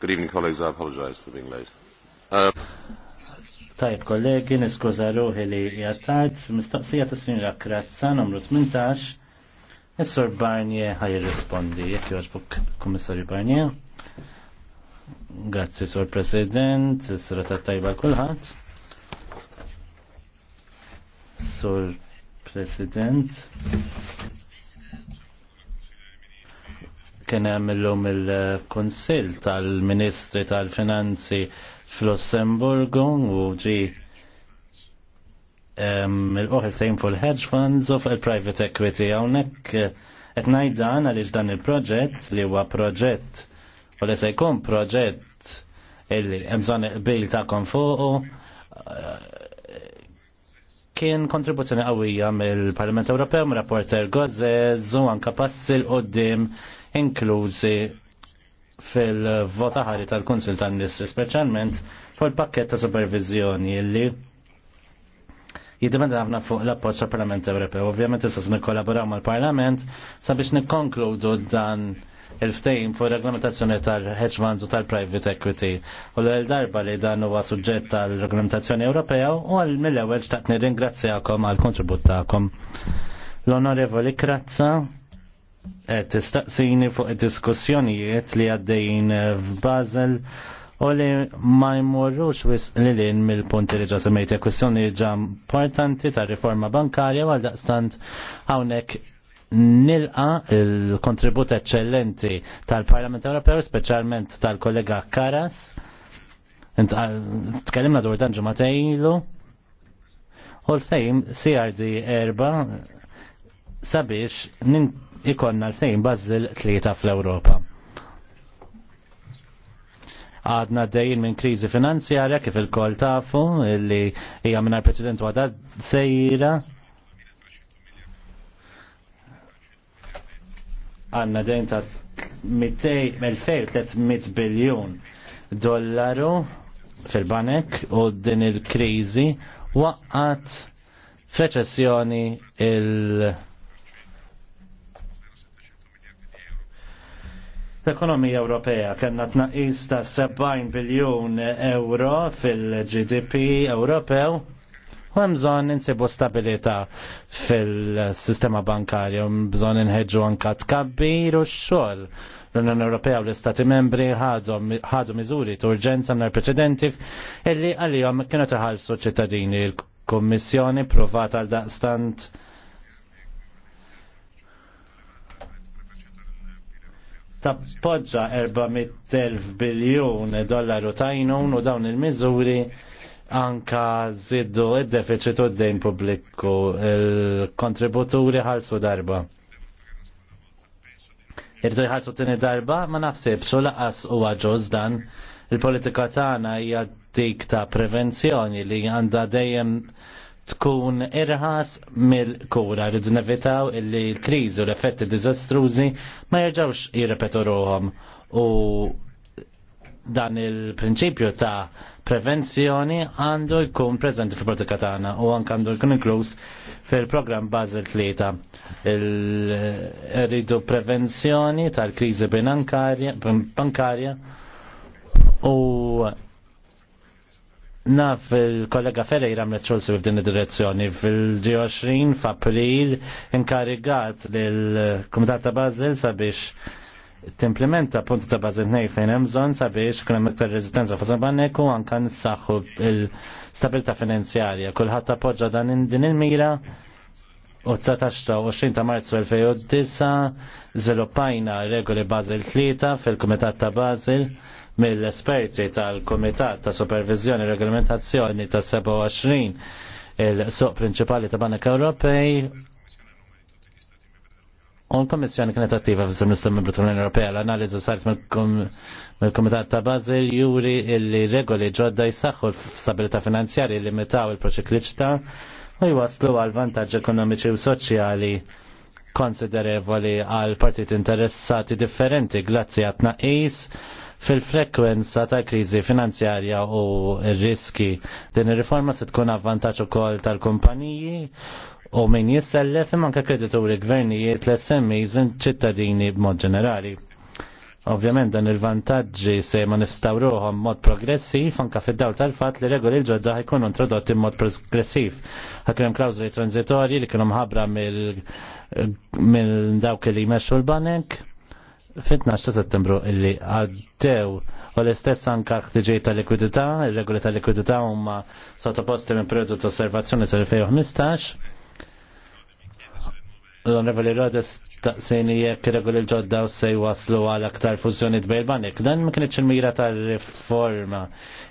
Good evening, colleagues. I apologize for being late. Uh... Tajb, kollegi, niskuza ruħi li jattajt, mistaqsija ta' sinjura Krazza, numru 18, is Barnie ħaj rispondi, jek joġbuk Komissarju Barnie. Grazzi, Sor President, s-sira ta' tajba kullħat. Sor President, kien hemm illum il-Kunsill tal-Ministri tal-Finanzi fl-Lussemburgu u ġi il-oħel sejn fuq il-hedge funds u il-private equity hawnhekk qed ngħid dan għaliex dan il-proġett li huwa proġett u li se jkun proġett illi hemm bżonn bil tagħkom fuqu kien kontribuzzjoni qawwija mill-Parlament Ewropew, mir-rapporter Gozez u anka passil qudiem inklużi fil-votaħari tal-Kunsil tal nis speċjalment fuq il-pakket ta' supervizjoni li jiddimenda għafna fuq l-appoċ tal parlament Ewropew. Ovvjament issa nikkolaboraw mal-Parlament sabiex nikkonkludu dan il-ftejn fuq reglamentazzjoni tal-hedge funds u tal-private equity. U l-darba li dan huwa suġġett tal-reglamentazzjoni Ewropea u għal mill-ewwel xtaqt nirringrazzjakom għal kontribut tagħkom. L-Onorevoli Krazza, tistaqsini fuq diskussjonijiet li għaddejjin f'Basel u li ma jmorrux wis li lin mill-punti li ġasemejti kwestjoni ġa importanti ta' riforma bankarja għal daqstant hawnhekk nilqa il-kontribut eccellenti tal-Parlament Ewropew, speċjalment tal-kollega Karas. Tkellimna dwar dan ilu. U l-fejm CRD erba sabiex ikonna l-fejn bazzil tlieta fl-Ewropa. Għadna dejjin minn kriżi finanzjarja kif il-kol tafu illi hija mingħajr preċedent għadha sejra għanna dejn ta' 200-300 biljon dollaru fil-banek u din il-krizi waqqat f'reċessjoni il-, -krizi, il L-ekonomija Ewropea kellna tnaqis ta' 70 biljun euro fil-GDP Ewropew u hemm bżonn insibu stabilità fil-sistema bankarju, bżonn inħeġġu anka tkabbir u x-xogħol. L-Unjoni Ewropea u l-Istati Membri ħadu miżuri ta' urġenza mingħajr preċedenti illi għalihom kienu taħallsu ċittadini l-Kummissjoni provat għal daqstant Ta' tappoġġa 400.000 biljun dollaru tajnun u dawn il-miżuri anka ziddu id-deficit u d-dejn publikku il-kontributuri ħalsu darba. Irdu jħalsu tini darba ma naħsibx u laqas u għagġuż dan il-politika tagħna hija dik ta' prevenzjoni li għandha dejjem tkun irħas mill-kura rridu nevitaw illi l-kriżi u l-effetti diżastrużi ma jerġawx jirrepetu ruhom u dan il-prinċipju ta' prevenzjoni għandu jkun preżenti fil-politika tagħna u anke għandu jkun inkluż fil-programm Basel tlieta. Rridu prevenzjoni tal-kriżi bankarja u Naf il-kollega Ferreira għamlet xolsi f'din id-direzzjoni fil-20 f'April inkarigat lill-Kumitat ta' Bazil sabiex timplementa punti ta' Bazil nej fejn hemm sabiex kien hemm rezistenza fa' sabanek għankan anke nissaħħu l stabilta finanzjarja. Kulħadd appoġġa dan din il-mira u t ta' 20 ta' Marzu 2009 żviluppajna regoli bazil 3 fil-Kumitat ta' Basel mill-esperti tal-Komitat ta' Supervizjoni e Regolamentazzjoni ta' 27 il-suq prinċipali ta' Banek Ewropej U l komissjoni kienet attiva fis semestru membru tal-Unjoni Ewropea l-analiżi saret mill-Kumitat ta' Basel juri illi regoli ġodda jsaħħu l-stabilità finanzjarja li limitaw il-proċikliċità u jwaslu għal vantaġġi ekonomiċi u soċjali konsiderevoli għal partit interessati differenti grazzi għat naqis fil-frekwenza ta' kriżi finanzjarja u r-riski. Din ir-riforma se tkun avvantaġġ ukoll tal-kumpaniji u min jissellef imma anke kredituri gvernijiet l-SMEs ċittadini b'mod ġenerali. Ovvjament dan il-vantaġġi se ma nistawruhom mod progressiv anka fid-dawl tal-fatt li regoli l-ġodda ħajkunu introdotti mod progressiv. Ħakrem klawżoli transitorji li kienu mħabbra mill dawk li jmexxu l-banek fitna ta' settembru illi għaddew u l-istess anka ħtiġej ta' likwidità, il-regoli ta' likwidità huma sottoposti minn periodu ta' osservazzjoni sal-2015. L-Onorevoli Rodes taqsini jekk regoli l-ġodda u se waslu għal aktar fużjoni bejn banik. Dan ma kienx il-mira tal-riforma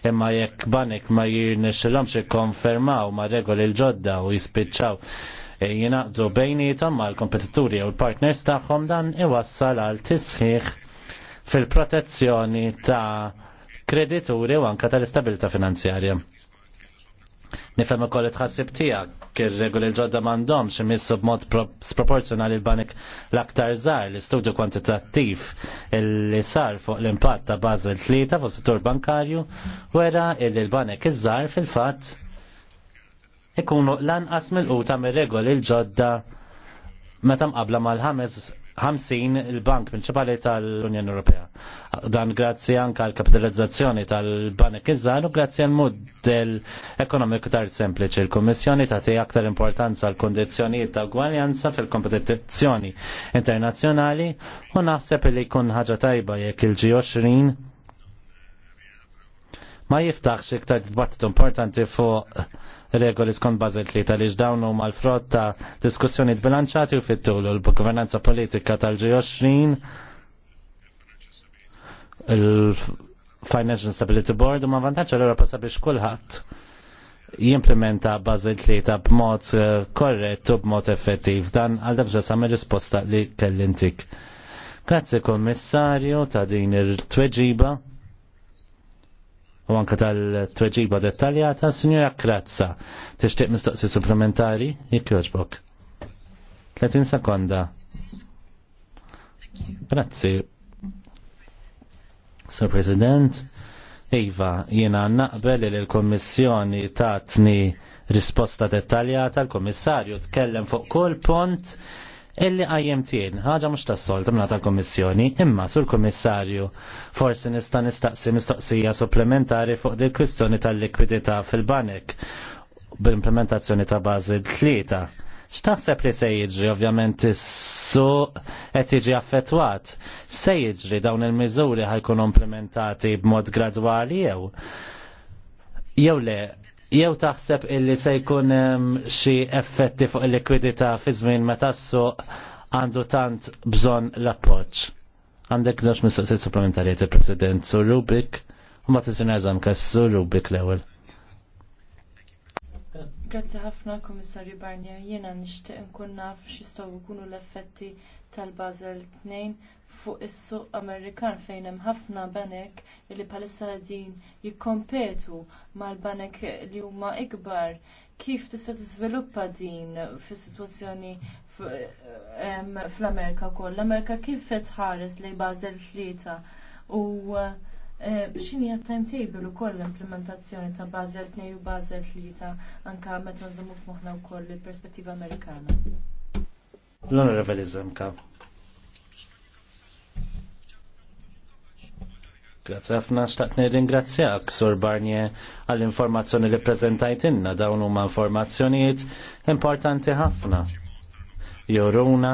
imma jekk banik ma jirnex l-omx konfermaw ma regoli l-ġodda u jispiċċaw jinaqdu bejnietom mal kompetituri u l-partners tagħhom dan iwassal għal tisħiħ fil-protezzjoni ta' kredituri u anka tal-istabilità finanzjarja. Nifhem ukoll it-tħassib tiegħek ir-regoli l-ġodda m'għandhomx imissu b'mod sproporzjonali l banik l-aktar żgħar l-istudju kwantitattiv li sar fuq l-impatt ta' Basel tlieta fuq settur bankarju wera li l-banek iż-żgħar fil-fatt ikunu lanqas mill-quta mir-regoli il ġodda meta mqabla mal-ħames 50 il-bank prinċipali tal-Unjoni Ewropea. Dan grazzi anka l kapitalizzazzjoni tal-banek iż u grazzi għal model ekonomiku tar sempliċi. Il-Kummissjoni tagħti aktar importanza l kondizzjonijiet ta' gwaljanza fil-kompetizzjoni internazzjonali u naħseb li jkun ħaġa tajba jekk il-G20 ma jiftaħx iktar dibattitu importanti fuq regoli skont Basel li dawn huma l-frott ta' diskussjoni bilanċati u fit-tul l-governanza politika tal-G20 il-Financial Stability Board u ma' vantaġġ l-Europa sabiex kulħadd jimplementa Basel tlieta b'mod eh, korrett u b'mod effettiv dan għal dabġa sami risposta li kellintik. Grazzi kommissarju ta' din il-tweġiba u anka tal-tweġiba dettaljata, signora Krazza, tixtieq mistoqsi supplementari, jekk jogħġbok. 30 sekonda. Grazzi. Sir President, Iva, jiena naqbel li l-Kommissjoni tatni risposta dettaljata, l-Kommissarju tkellem fuq kull pont illi għajemtien, ħaġa mux ta' solt mna ta' kommissjoni, imma sur kommissarju forsi nista' nistaqsi mistoqsija supplementari fuq dil kwistjoni tal-likwidità fil-banek bl-implementazzjoni ta' bażi tlieta. X'taħseb li se jiġri ovvjament is su qed jiġi affettwat? Se jiġri dawn il-miżuri ħajkunu implementati b'mod gradwali jew? Jew le Jew taħseb illi se jkun xi effetti fuq il-likwidità fi żmien meta s-suq għandu tant bżonn l-appoġġ. Għandek żewġ mistoqsijiet supplementarji il-President Sur Rubik u ma tiżin eżam Sur Rubik l-ewwel. Grazzi ħafna Komissarju Barnier, jiena nixtieq nkun naf x'jistgħu jkunu l-effetti tal-Basel 2 fuq is-suq Amerikan fejn hemm ħafna banek li bħalissa qegħdin jikkompetu mal-banek li huma ikbar. Kif tista' tiżviluppa din fis-sitwazzjoni fl-Amerika wkoll? L-Amerika kif qed tħares lejn Basel tlieta u B'xini eh, għat timetable ukoll l-implementazzjoni ta' Basel 2 u Basel tlieta anke meta nżommu moħħna wkoll il-perspettiva amerikana. L-onorevoli Zemka. Grazie ħafna xtaqt nirringrazzjak, Sur Barnier, għall-informazzjoni li prezentajt inna dawn huma informazzjonijiet importanti ħafna. Joruna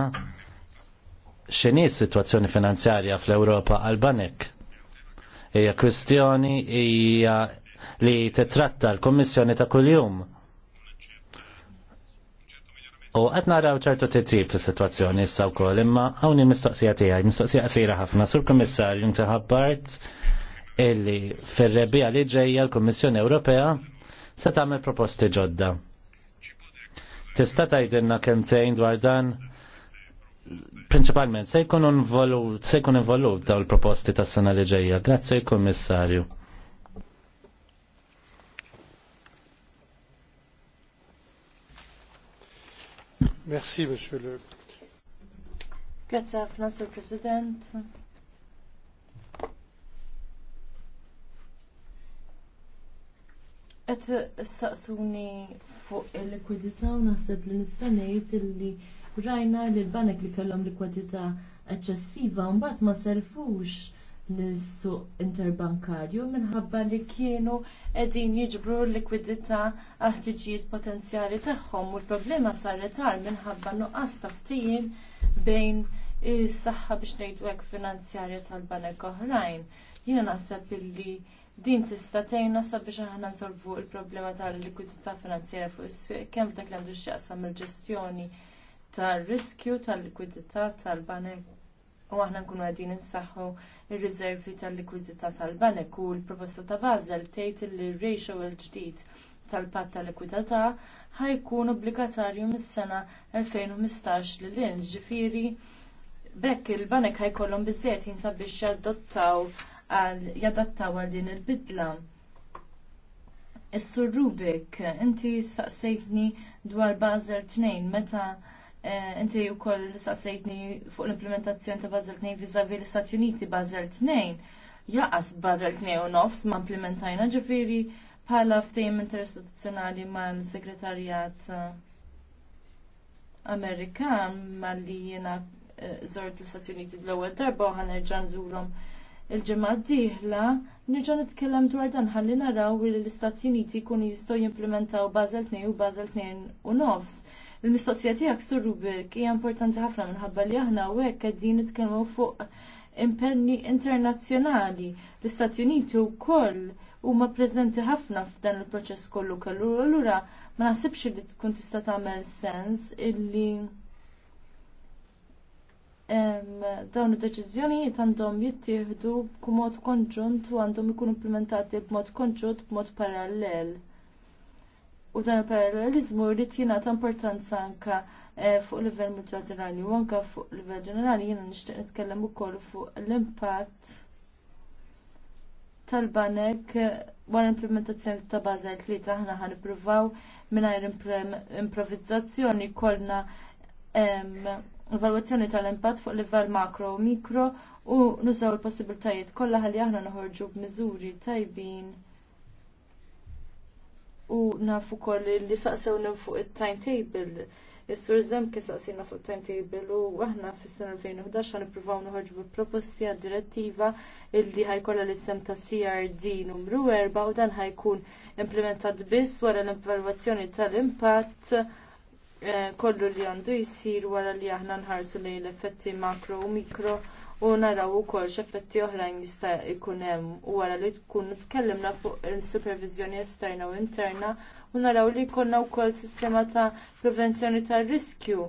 x'inhi s-sitwazzjoni finanzjarja fl-Ewropa għal-banek. Hija kwistjoni hija li titratta l-Kommissjoni ta' kuljum U qed naraw ċertu titjib fis-sitwazzjoni issa wkoll imma hawn il-mistoqsija tiegħi, mistoqsija qasira ħafna sur Kummissarju inti ħabbart illi fir-rebbija li ġejja l-Kummissjoni Ewropea se tagħmel proposti ġodda. Tista' tgħidilna tgħin dwar dan prinċipalment se jkun involut daw il-proposti tas-sena li ġejja. Grazzi Kummissarju. Merci, Monsieur le. Grazie, Monsieur President. Et saqsuni fuq il-likwidità u naħseb li nista' ngħid illi rajna li l-banek li kellhom likwidità eċċessiva mbagħad ma serfux l-suq interbankarju minħabba li kienu qegħdin jiġbru l-likwidità għal ħtiġijiet potenzjali tagħhom u l-problema saret għal minħabba nuqqas taftijin bejn is-saħħa biex ngħidu hekk finanzjarja tal-banek oħrajn. Jiena naħseb illi din tista' tgħinna sabiex aħna nsolvu l problema tal-likwidità finanzjarja fuq is-swieq kemm dak li għandu x'jaqsam il-ġestjoni tar-riskju tal-likwidità tal-banek u aħna nkunu għadin nsaħħu r riservi tal-likwidità tal-banek u l-proposta ta' Basel tgħid li r-ratio l-ġdid tal-patt tal-likwidità ħajkun obbligatorju mis-sena 2015 lil hinn ġifieri bekk il-banek ħajkollhom biżżejjed jinsab biex jadottaw għal jadattaw għal din il-bidla. Is-Sur Rubik, inti saqsejtni dwar Basel 2 meta Eh, inti u koll saqsejtni fuq l-implementazzjoni ta' Basel 2 vizavi l-Istati Uniti Basel 2 jaqas Basel 2 u nofs ma' implementajna ġifiri bħala ftejm interistituzzjonali ma' l-Segretarjat eh, Amerikan ma' li jena zort eh, l-Istati Uniti l-ewwel darba u ħanerġa' nżurhom il-ġimgħa d-dieħla nirġa' nitkellem dwar dan ħalli naraw li l-Istati Uniti jkunu jistgħu jimplementaw Basel 2 u Basel 2 u nofs. Il-mistoqsija tiegħek sur rubrik hija importanti ħafna minħabba li aħna hawnhekk qegħdin nitkellmu fuq impenni internazzjonali. L-Istati Uniti wkoll huma preżenti ħafna f'dan il-proċess kollu kellu. Allura ma naħsibx li tkun tista' tagħmel sens illi dawn id-deċiżjonijiet għandhom jittieħdu b'mod konġunt u għandhom ikunu implementati b'mod konġunt b'mod parallel u dan il-parallelizmu rrit jingħata importanza anke eh, fuq livell multilaterali u anke fuq livell ġenerali jiena nixtieq nitkellem ukoll fuq l-impatt tal-banek wara implementazzjoni ta' Basel li aħna ħan ippruvaw mingħajr improvvizzazzjoni kollna evalwazzjoni tal-impatt fuq livell makro u mikro u nużaw il-possibiltajiet kollha li aħna noħorġu b'miżuri tajbin u nafu koll li minn fuq il-timetable. Is-sur ki saqsina fuq timetable u aħna fis-sena 2011 għan ippruvaw noħorġu proposti għad direttiva illi ħajkolla l-isem ta' CRD numru 4 u dan ħajkun implementat biss wara l-evalwazzjoni tal-impatt eh, kollu li għandu jisir wara li aħna nħarsu lejn l-effetti makro u mikro u naraw ukoll x'effetti oħrajn jista' jkun hemm u wara li tkun tkellimna fuq il-supervizjoni esterna u interna u naraw li jkollna wkoll sistema ta' prevenzjoni tar-riskju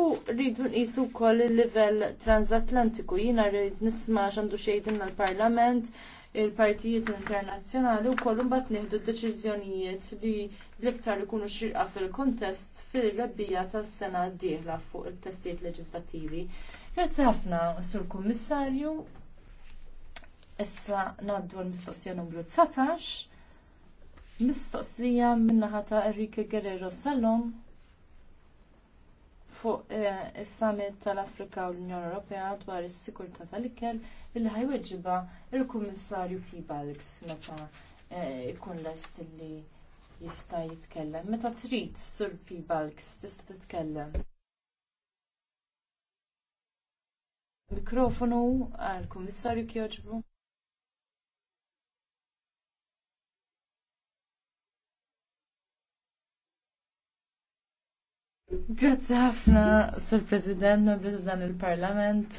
u rridu nqisu wkoll il-livell transatlantiku jiena rrid nisma' x'għandu xejn l-Parlament il-partijiet internazzjonali u kollu mbagħad nieħdu deċiżjonijiet li l-iktar ikunu xirqa fil-kontest fil-rebbija tas-sena d-dieħla fuq il-testijiet leġislattivi. Grazzi ħafna, Sur Kummissarju. Issa naddu l-mistoqsija numru 19. Mistoqsija minnaħa ta' Enrique Guerrero Salom fuq eh, is-summit tal-Afrika u l-Unjoni Ewropea dwar is-sikurtà tal-ikel il ħajweġiba il-Kummissarju Pibalks meta jkun eh, lest li jista' jitkellem. Meta trid sur Pibalks tista' titkellem. Mikrofonu għal-Kummissarju Kjoġbu. Grazzi ħafna, Sur President, membri dan il-Parlament.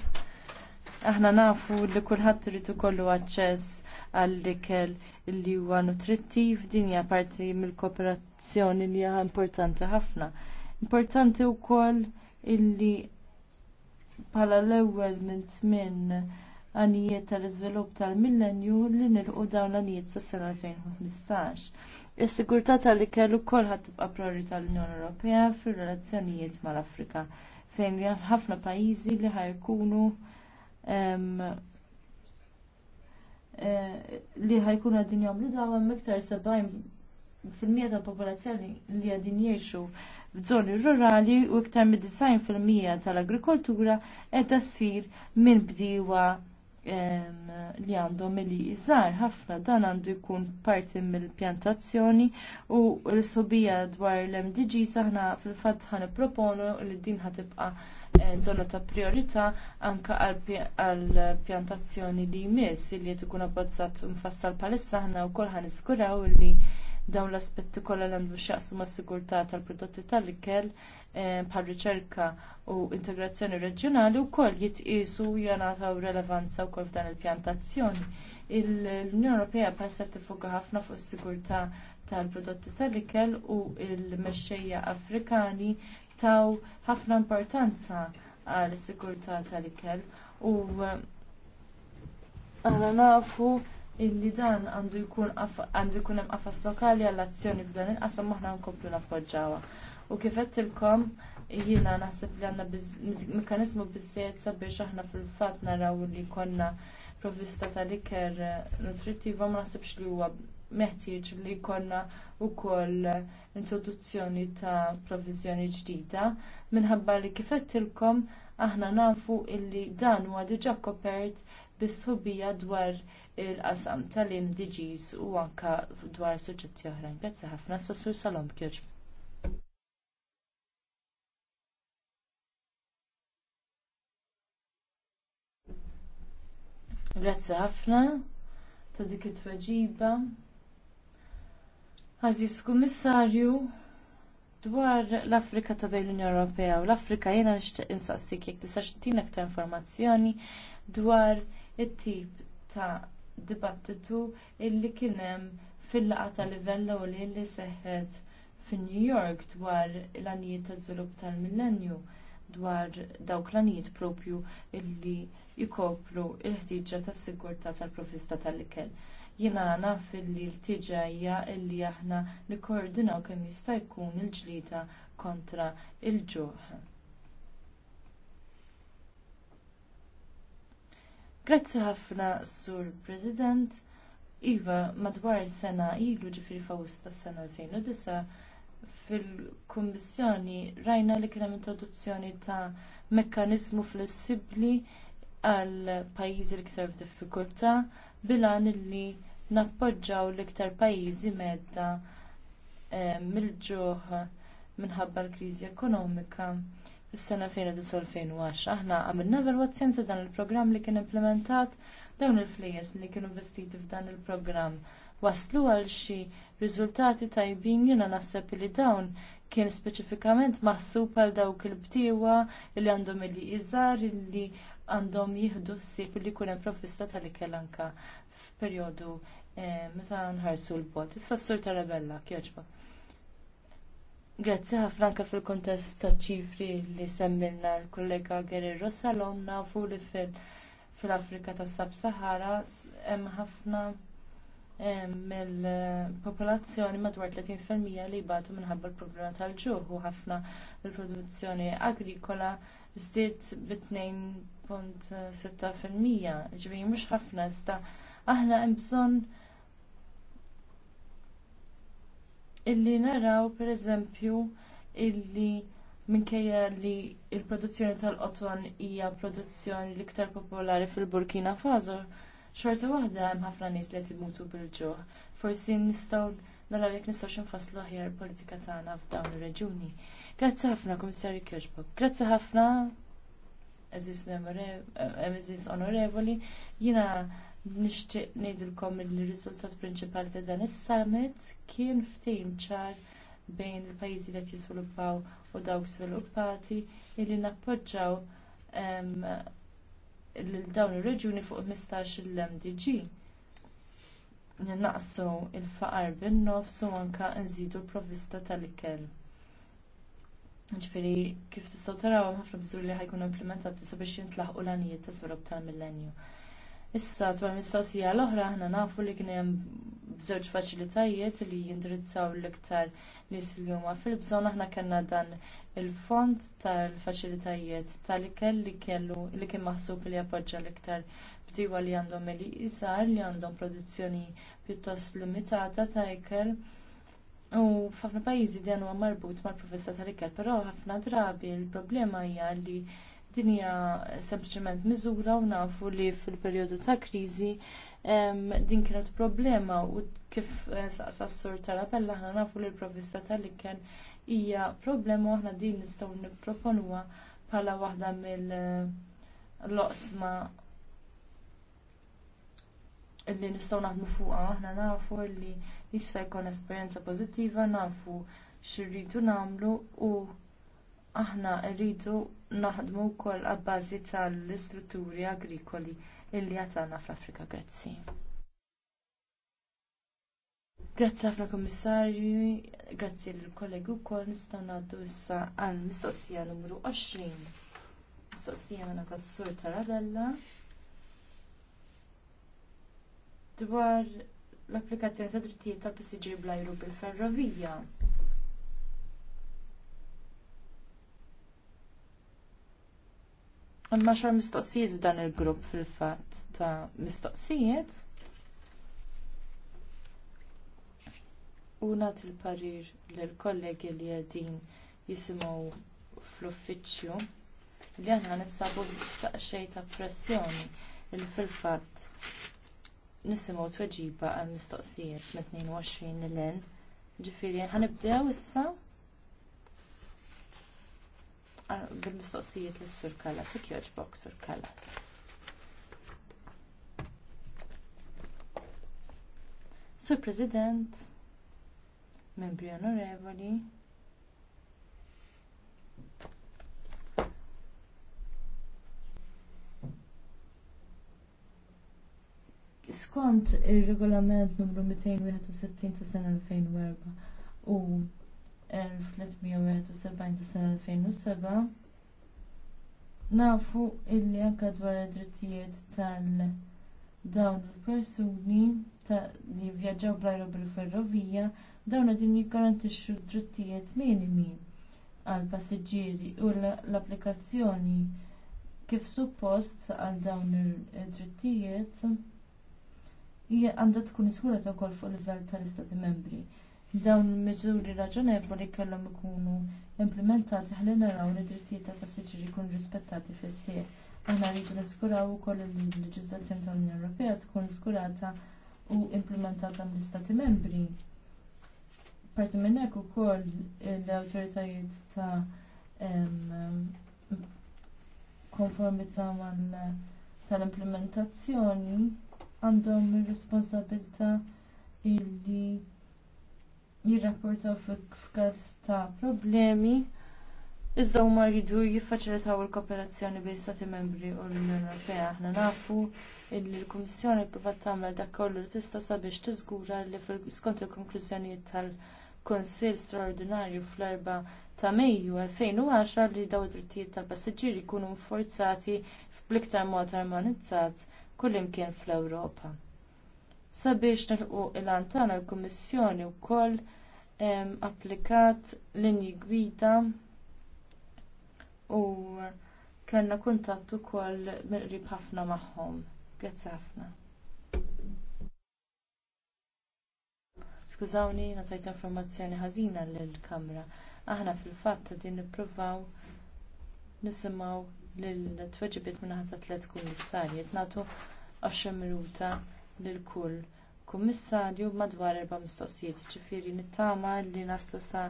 Aħna nafu li kulħadd irid ikollu aċċess għall-ikel li huwa nutrittiv, din hija parti mill-kooperazzjoni li hija importanti ħafna. Importanti wkoll illi bħala l-ewwel minn tmien għanijiet tal-iżvilupp tal-millenju li nilqu dawn l-għanijiet sas sena 2015. Is-sigurtà tal-ikel ukoll ħadd tibqa' priorità l-Unjoni Ewropea fir-relazzjonijiet mal-Afrika fejn ħafna pajjiżi li ħajkunu eh, li ħajkunu għadin li dawn miktar 70 fil-mija tal-popolazzjoni li għadin jiexu f'żoni rurali u iktar mid fil-mija tal-agrikoltura qiegħda ssir minn bdiewa li għandhom li iżgħar ħafna dan għandu jkun parti mill-pjantazzjoni u l-sobija dwar l-MDG saħna fil-fatt ħan proponu li din ħatibqa eh, zona ta' priorità anke għall-pjantazzjoni li jmiss li qed ikun abbozzat mfassal bħalissa aħna wkoll ħaniskuraw li dawn l-aspetti kollha li għandhom x'jaqsmu mas-sigurtà tal-prodotti tal-ikel eh, bħal riċerka u integrazzjoni reġjonali wkoll jitqisu jingħataw relevanza wkoll f'dan il-pjantazzjoni. L-Unjoni Ewropea passa tifoka ħafna fuq is-sigurtà tal-prodotti tal-ikel u l-mexxejja Afrikani taw ħafna importanza għall sigurtà tal-ikel u għana eh, nafu illi dan għandu jkun għandu jkun hemm qafas lokali għall azzjoni f'dan il-qasam aħna nkomplu nappoġġawha. U kif qedtilkom jiena naħseb li għandna mekanizmu biżżejjed sabiex aħna fil-fatt naraw li konna provvista tal liker eh, nutrittiva ma naħsibx li huwa meħtieġ li jkollna wkoll eh, introduzzjoni ta' provviżjoni ġdida minħabba li kif qedtilkom aħna nafu illi dan huwa diġà kopert bis-sħubija dwar il-qasam tal-MDGs u anke dwar suġġetti oħrajn. Grazzi ħafna s-sassur Salom Kjoġ. Grazzi ħafna ta' dik it-tweġiba. Aziz Kummissarju, dwar l-Afrika ta' bejn l-Unjoni Ewropea u l-Afrika jiena nixtieq insaqsik jekk tista' tina aktar informazzjoni dwar it-tip ta' dibattitu illi kien hemm fil laqgħa ta' livell li li seħħet fi New York dwar l-anijiet ta' żvilupp tal-millenju dwar dawk l-anijiet propju illi jkopru l ħtiġa tas sigurtà tal profista tal-ikel. Jiena naf illi l-tiġa hija illi aħna nikkoordinaw kemm jista' jkun il-ġlida kontra il-ġuħ. Grazzi ħafna, Sur President. Iva, madwar sena ilu ġifiri fawsta sena 2009, fil-Kummissjoni rajna li kienem introduzzjoni ta' mekkanizmu flessibbli għal pajjiżi l-iktar f'diffikultà bilan li nappoġġaw l-iktar pajjiżi medda eh, mill-ġuħ minħabba l-kriżi ekonomika fis-sena 2010 aħna għamilna evalwazzjoni ta' dan il-programm li kien implementat dawn il-flejes li kienu vestiti f'dan il-programm waslu għal xi riżultati tajbin jiena naħseb li dawn kien speċifikament maħsub għal dawk il-bdiewa li għandhom illi iżar li għandhom jieħdu ssib li jkun hemm provvista tal-ikel anke f'perjodu eh, meta nħarsu l-bot. Issa s-sur ta' rebella, Grazzi ħafna anke fil-kontest ta' ċifri li semmilna l-kollega Guerrero Rossalon nafu li fil-Afrika tas Sab-Sahara hemm ħafna mill-popolazzjoni madwar 30% li batu minħabba l-problema tal-ġuħ u ħafna l-produzzjoni agrikola żdied bi 2.6%. Ġifieri mhux ħafna iżda aħna hemm bżonn illi naraw pereżempju illi minkejja li l produzzjoni tal-qoton hija produzzjoni l-iktar popolari fil-Burkina Faso, xorta waħda hemm ħafna nies li qed imutu bil-ġuħ. Forsi nistgħu naraw jekk nistgħu xinfasslu aħjar politika tagħna f'dawn ir-reġuni. Grazzi ħafna, Kummissarju Kirchbock. Grazzi ħafna, eżis eh, onorevoli, jina Nixtieq ngħidilkom li r-riżultat prinċipali ta' dan is-summit kien ftim ċar bejn il-pajjiżi li qed jiżviluppaw u dawk żviluppati, illi nappoġġaw lil dawn ir-reġjuni fuq 15 il-MDG. Naqsu il-faqar bin-nofs u anke nżidu l-provvista tal-ikel. Ġifieri kif tistgħu taraw ħafna miżuri li ħajkunu implementati sabiex jintlaħqu l-għanijiet ta' żvilupp tal-millenju. Issa dwar mistoqsija l-oħra aħna nafu li kien hemm żewġ faċilitajiet li jindirizzaw l-iktar nies li huma fil-bżonn aħna kellna dan il-fond tal-faċilitajiet tal-ikel li kellu li kien maħsub li appoġġa l-iktar bdiewa li għandhom li isar li għandhom produzzjoni pjuttost limitata ta' ikel. U f'ħafna pajjiżi dan huwa marbut mal-professa tal-ikel, però ħafna drabi l-problema hija li Din hija sempliċement miżura u nafu li fil-perjodu ta' kriżi din kienet problema u kif eh, saqsa s-sur tal-appella ħana nafu li l-provvista tal-ikken hija problema u aħna din nistgħu nipproponuha bħala waħda mill-loqsma li nistgħu naħdmu fuqha aħna nafu li jista' jkun esperjenza pożittiva, nafu xirridu nagħmlu u aħna rridu naħdmu wkoll għabbażi tal-istrutturi agrikoli illi għatana fl-Afrika. Grazzi. Grazzi ħafna Kummissarju, grazzi l-kollegu wkoll nistgħu ngħaddu issa għal mistoqsija numru 20. Mistoqsija għana tas sur Tarabella dwar l-applikazzjoni ta' drittijiet tal-passiġġieri bl-ajru bil-ferrovija. ma xar mistoqsijiet dan il-grupp fil-fat ta' mistoqsijiet. Una til-parir l-kollegi li għedin jisimaw fl-uffiċju li għanna nissabu xej ta' pressjoni li fil-fat nisimaw tweġiba għal mistoqsijiet mit-22 l-en. Ġifiri, ħanibdew issa? bil-mistoqsijiet lis sur Kallas, kjoċ bok Sur Kallas. Sur President, membri onorevoli, skont ir regolament numru 261 ta' sena 2004 u 1371 2007 nafu illi anke dwar id-drittijiet tal- dawn il-persuni li vjaġġaw bl-ajru bil-ferrovija dawn qegħdin jiggarantixxu drittijiet minimi għall passiġġieri u l-applikazzjoni kif suppost għal dawn id-drittijiet hija għandha tkun iskurat wkoll fuq livell tal-Istati Membri dawn il-miżuri raġonevoli kellhom ikunu implementati ħalli naraw li d-drittijiet ta' passiġġieri jkunu rispettati fis-sieq. Aħna rridu niskuraw ukoll li l-leġiżlazzjoni tal-Unjoni Ewropea tkun skurata u implementata mill-Istati Membri. Parti minn hekk ukoll l-awtoritajiet ta' konformità tal-implementazzjoni għandhom ir-responsabilità illi jirrapportaw f'każ ta' problemi. Iżda huma jridu jiffaċilitaw il-kooperazzjoni bejn stati membri u l-Unjoni Ewropea. Aħna nafu li l-Kummissjoni provat tagħmel dak kollu li tista' sabiex tiżgura li skont il-konklużjonijiet tal-Kunsill straordinarju fl-erba ta' Mejju 2010 li daw id-drittijiet tal-passiġġieri jkunu forzati f'bliktar mod armonizzat kullimkien fl-Ewropa sabiex nilqu il-antana l-Kummissjoni wkoll applikat linji gwida u kellna kuntatt ukoll mill-qrib ħafna magħhom. Grazzi ħafna. Skużawni, natajt informazzjoni ħażina lill-Kamra. Aħna fil-fatt din nippruvaw nisimgħu lill-tweġibiet minn ħadd tliet kummissarji. Nagħtu 10 minuta lil kull kummissarju madwar erba' mistoqsijiet, ġifieri nittama li naslu sa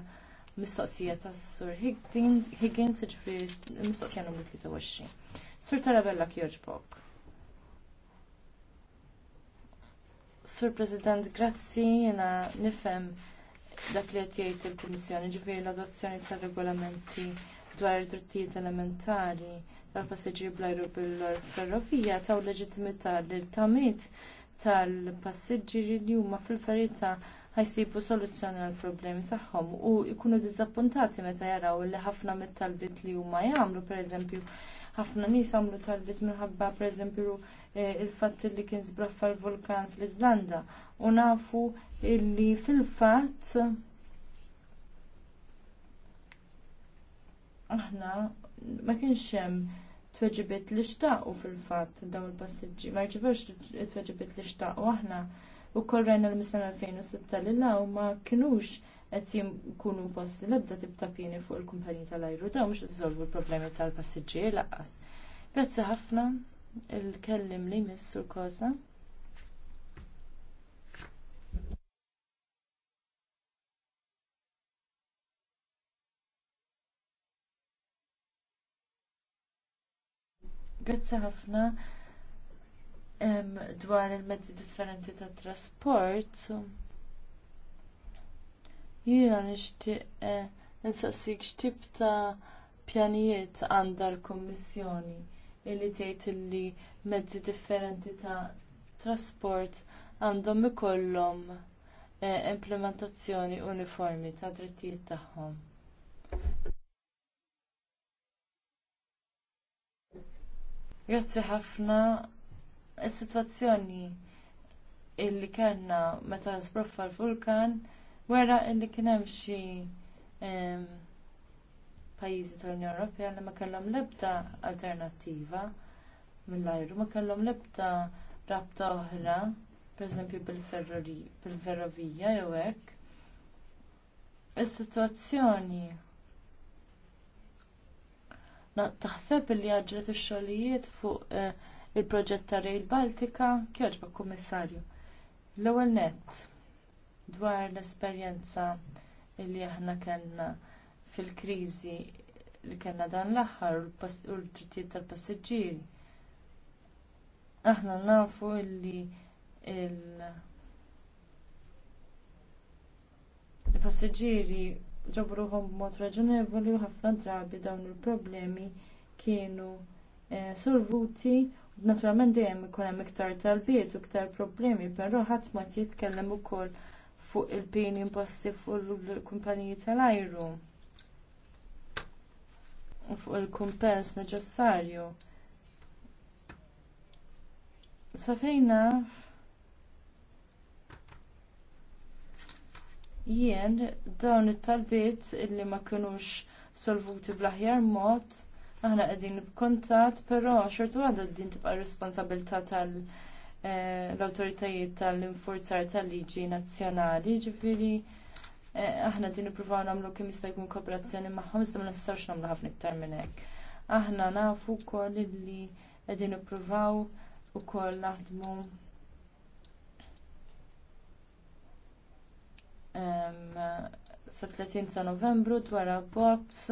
mistoqsija tas Sur Higgins, ġifieri mistoqsija numru 23. Sur Tarabella Kjoġbok. Sur President, grazzi, jena nifhem dak li qed jgħid il-Kummissjoni, ġifieri l-adozzjoni tar regolamenti dwar id-drittijiet elementari tal-passiġġier bl-ajru bil-ferrovija taw leġittimità lil tamit tal-passiġġieri li huma fil-verità ħajsibu soluzzjoni għall problemi tagħhom u jkunu diżappuntati meta jaraw li ħafna mit-talbit li huma jagħmlu pereżempju ħafna nies għamlu talbit minħabba pereżempju eh, il-fatt li kien zbraffa l-vulkan fl-Iżlanda u nafu li fil-fatt aħna ma kienx hemm tweġibit li xtaqu fil-fatt dawn il-passiġġi. Ma rċifux tweġibit li xtaqu aħna u korrejna l-misna 2006 li la u ma kinux qed jkunu posti l-ebda tip ta' pieni fuq il kumpanija tal-ajru dawn mhux qed isolvu l-problemi tal-passiġġieri laqqas. Grazzi ħafna il-kellim li miss sur kosa. Grazzi ħafna dwar il-mezzi differenti ta' trasport. Jiena nixtieq eh, nsaqsik x'tip ta' pjanijiet għandha l-Kummissjoni illi tgħid illi mezzi differenti ta' trasport għandhom ikollhom eh, implementazzjoni uniformi ta' drittijiet tagħhom. Grazzi ħafna. Is-sitwazzjoni illi kellna meta sbruffa l-vulkan wera illi kien hemm xi pajjiżi tal-Unjoni Ewropea li ma kellhom l-ebda alternattiva mill-ajru, ma kellhom l-ebda rabta oħra, pereżempju bil-ferrovija jew hekk. Is-sitwazzjoni taħseb li għagġret ix-xogħlijiet fuq eh, il-proġett ta' Rail Baltica kjoġba kummissarju. L-ewwel nett dwar l-esperjenza li aħna kellna fil-kriżi li kellna dan l-aħħar u l-drittijiet tal-passiġġieri. Aħna nafu li il-passiġġieri ġabruhom b'mod raġunevoli u ħafna drabi dawn il-problemi kienu eh, solvuti naturalment dejjem ikun hemm iktar talbiet u iktar problemi, però ħadd ma jitkellem ukoll fuq il pieni imposti fuq il-kumpaniji tal-ajru u fuq il-kumpens neċessarju. Safejna jien dawn it-talbiet illi ma kinux solvuti bl-aħjar mod, aħna qegħdin b'kuntatt, però xorta waħda din tibqa' responsabilità tal- eh, awtoritajiet tal-infurzar tal-liġi nazzjonali, ġifiri eh, aħna din nippruvaw nagħmlu kemm jista' jkun kooperazzjoni magħhom iżda ma nistgħux nagħmlu ħafna iktar minn hekk. Aħna nafu wkoll li qegħdin nippruvaw ukoll naħdmu sa 30 ta' novembru dwar abbozz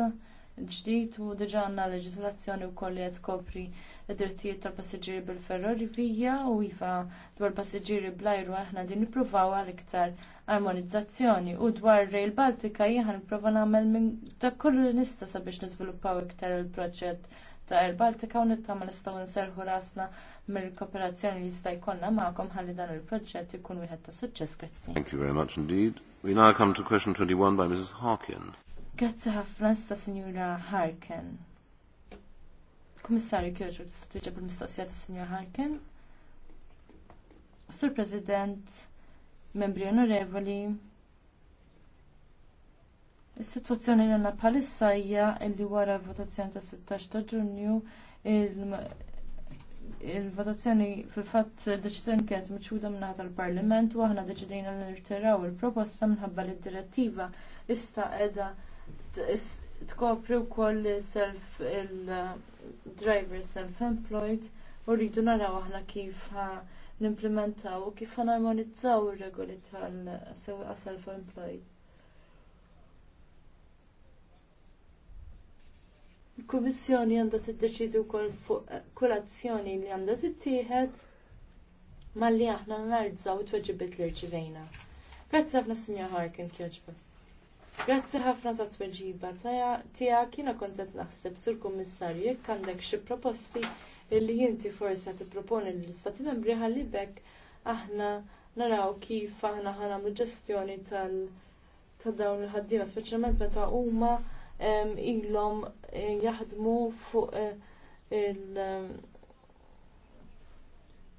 ġdid u diġà għandna leġislazzjoni wkoll li qed tkopri d-drittijiet tal-passiġġieri bil-ferrovija u iva dwar passiġġieri bl-ajru aħna din nippruvaw għal iktar armonizzazzjoni u dwar Rail Baltica jieħa nipprova nagħmel minn dak kollu li nista' sabiex niżviluppaw iktar il-proġett ta' Air Baltica u nittama nistgħu nserħu rasna mill-kooperazzjoni li jista' jkollna magħkom ħalli dan il-proġett ikun wieħed ta' suċċess grazzi. Thank you very much indeed. We now come to question 21 by Mrs. Harkin. Grazzi ħafna Francesca Signora Harkin. Kummissarju Kjoġu tispiċa bil-mistoqsija ta' Signora Harkin. Sur President, membri onorevoli, Is-sitwazzjoni nella għandna bħalissa li wara l-votazzjoni ta' 16 ta' Ġunju il-votazzjoni fil-fatt deċiżjoni kienet miċħuda minnaħat tal-Parlament u aħna deċidejna li nirtiraw il-proposta minħabba li d-direttiva issa qiegħda tkopri wkoll self il-driver self-employed u rridu naraw aħna kif nimplementaw u kif ħanarmonizzaw ir-regoli tal-self-employed. il-Kummissjoni għandha tiddeċidi wkoll fuq eh, li għandha tittieħed malli aħna narżaw it-tweġibiet li rċivejna. Grazzi ħafna Sinja Harkin kjoġba. Grazzi ħafna ta' tweġiba tiegħek jiena kont naħseb sur kummissarju jekk għandek xi proposti li inti forsi qed tipproponi lill-Istati Membri ħalli bekk aħna naraw kif aħna ħanamlu ġestjoni tal- ta' dawn il-ħaddiema, speċjalment meta huma ilhom eh, jaħdmu fuq eh, il-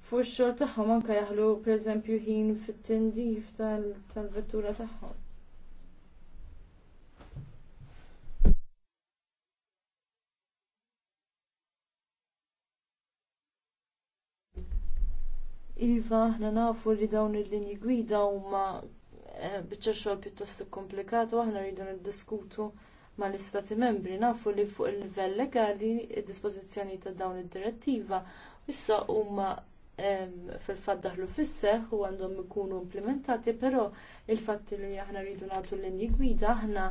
fuq ix-xogħol tagħhom anke jaħlu pereżempju ħin fit-tindif tal-vettura tagħhom. Iva, aħna nafu li dawn il-linji gwida huma eh, biċċa xogħol pjuttost komplikat u aħna rridu niddiskutu mal-Istati membri nafu li fuq il-livell legali id-dispożizzjoni ta' dawn id-direttiva issa huma fil-fatt daħlu fis-seħħ u għandhom ikunu implementati, però il-fatt li aħna rridu nagħtu l-linji gwida aħna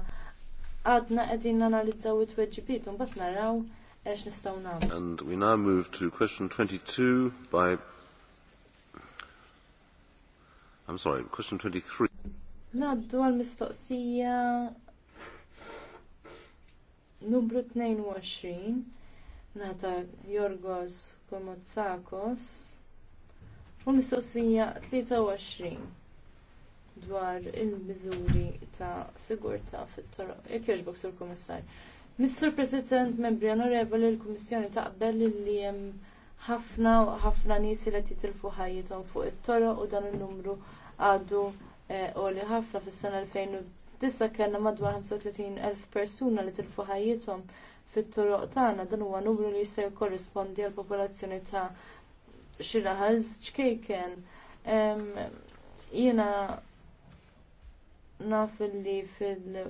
għadna qegħdin analizzaw it-tweġibiet u mbagħad naraw għax nistgħu nagħmlu. And we now move to question 22 by I'm sorry, question 23. Naddu għal-mistoqsija numru 22 nata Jorgos Komotsakos u mistoqsija 23 dwar il-miżuri ta' sigurtà fit-toroq. Jekk jogħġbok sur Kummissar. Mr. President, membri onorevoli, l-Kummissjoni taqbel li hemm ħafna ħafna nies li qed jitilfu ħajjithom fuq it-toroq u dan in-numru għadu eh, oli ħafna fis-sena 2000 Dissa kellna madwar 35,000 persuna li tilfu ħajjithom fit-toroq tagħna dan huwa numru li jista' jikkorrispondi għall popolazzjoni ta' xi raħalż ċkejken. Jiena naf li fil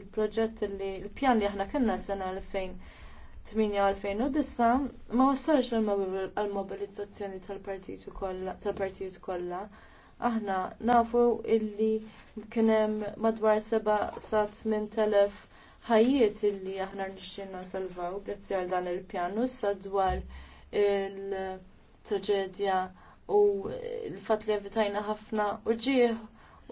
il-proġett li l pjan li aħna kellna sena 2008-2009 ma wassalx għal-mobilizzazzjoni tal-partijiet kollha Aħna nafu illi kien hemm madwar seba sa telef ħajiet illi aħna nixxinna salvaw grazzi għal dan il-pjan sadwar il-traġedja u l-fatt li evitajna ħafna u ġieħ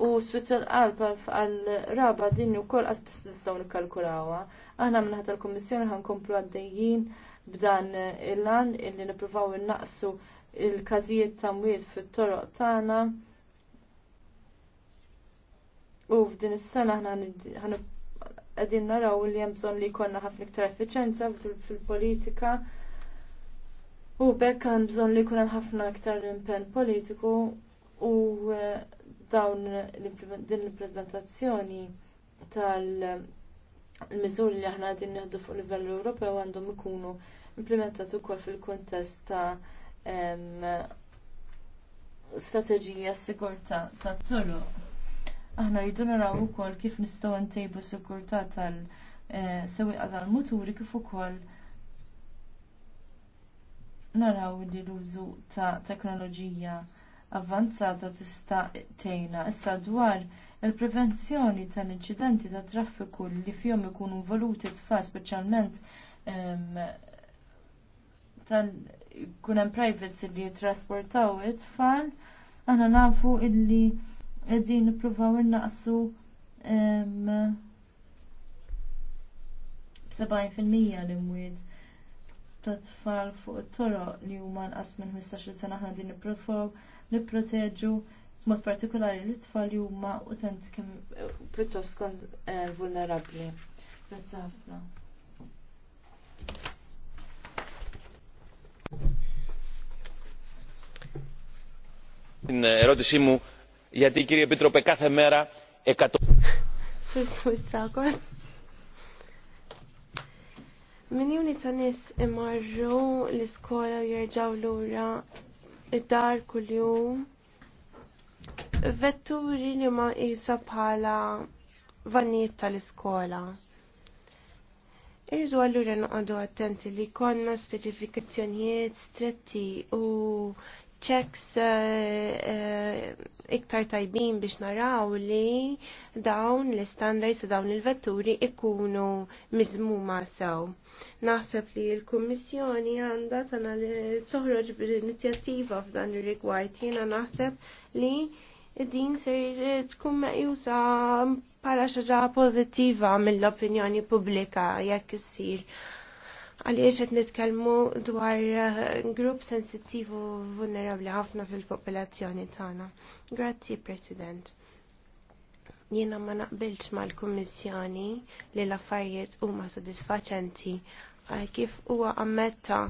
U switzer qalb għal raba din u kol għasbis nistaw nikalkulawa. Aħna minnaħat tal-Komissjoni ħankomplu għaddejjin b'dan il-lan illi nipruvaw il-naqsu il-kazijiet tamwiet fit-toroq tagħna. U f'din is-sena aħna qegħdin naraw li hemm bżonn li jkollna ħafna iktar effiċenza fil-politika. U bekk hemm bżonn li jkun hemm ħafna iktar impenn politiku u eh, dawn din l-implementazzjoni tal-miżuri li aħna qegħdin neħdu fuq livell Ewropew għandhom ikunu implementati wkoll fil-kuntest ta' strateġija sigurta tat-toroq aħna rridu naraw ukoll kif nistgħu ntejbu sikurtà tal-sewwieqa eh, tal-muturi kif ukoll naraw li l-użu ta' teknoloġija avvanzata tista' tgħinna issa dwar il-prevenzjoni tal-inċidenti ta' traffiku li fihom ikunu involuti tfal speċjalment tal kun hemm privates li jittrasportaw it-tfal aħna nafu illi qegħdin nippruvaw innaqsu b'70% l-imwiet ta' tfal fuq it-toroq li huma nqas minn 15-il sena aħna din nipruvaw nipproteġu b'mod partikolari l-tfal li huma utent kemm eh, pjuttost eh, vulnerabbli. Grazzi ħafna γιατί κύριε Επίτροπε κάθε μέρα εκατο... Minjoni ta' nis imarru l-iskola u jirġaw l-ura id-dar kull-jum. Vetturi li ma' jisa bħala vaniet tal-iskola. Irżu għallura noqogħdu attenti li konna speċifikazzjonijiet stretti u checks eh, eh, iktar tajbin biex naraw li dawn l-standards dawn il-vetturi ikunu mizmuma sew. Naħseb li l-Kummissjoni għandha tana toħroġ bil inizjattiva f'dan ir-rigward jiena naħseb li din ser tkun meqjusa bħala xi ħaġa pożittiva mill-opinjoni pubblika jekk issir għaliex qed nitkellmu dwar eh, grupp sensittivu u vulnerabbli ħafna fil-popolazzjoni tagħna. Grazzi President. Jiena ma naqbilx mal-Kummissjoni li l-affarijiet huma sodisfaċenti għal eh, kif huwa ammetta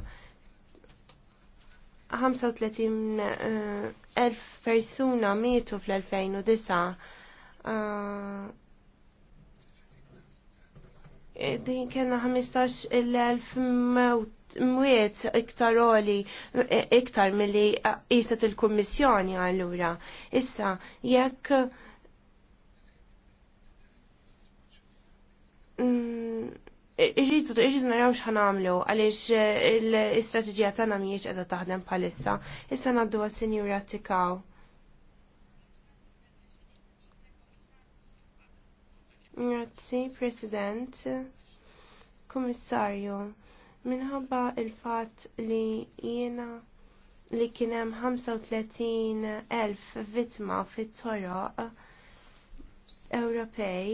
35,000 eh, persuna mietu fl-2009 din kena 15.000 mwiet iktar oli, iktar mill-li jisat il-kommissjoni għallura. Issa, jekk mm, irridu irridu naraw x'ħan għamlu għaliex l-istrateġija tagħna mhijiex qiegħda taħdem bħalissa. Issa ngħaddu għas-Sinjura Tikaw. Grazzi, President, Kommissarju, minħabba il-fat li jiena li kien hemm 35,000 vittma fit-toroq Ewropej,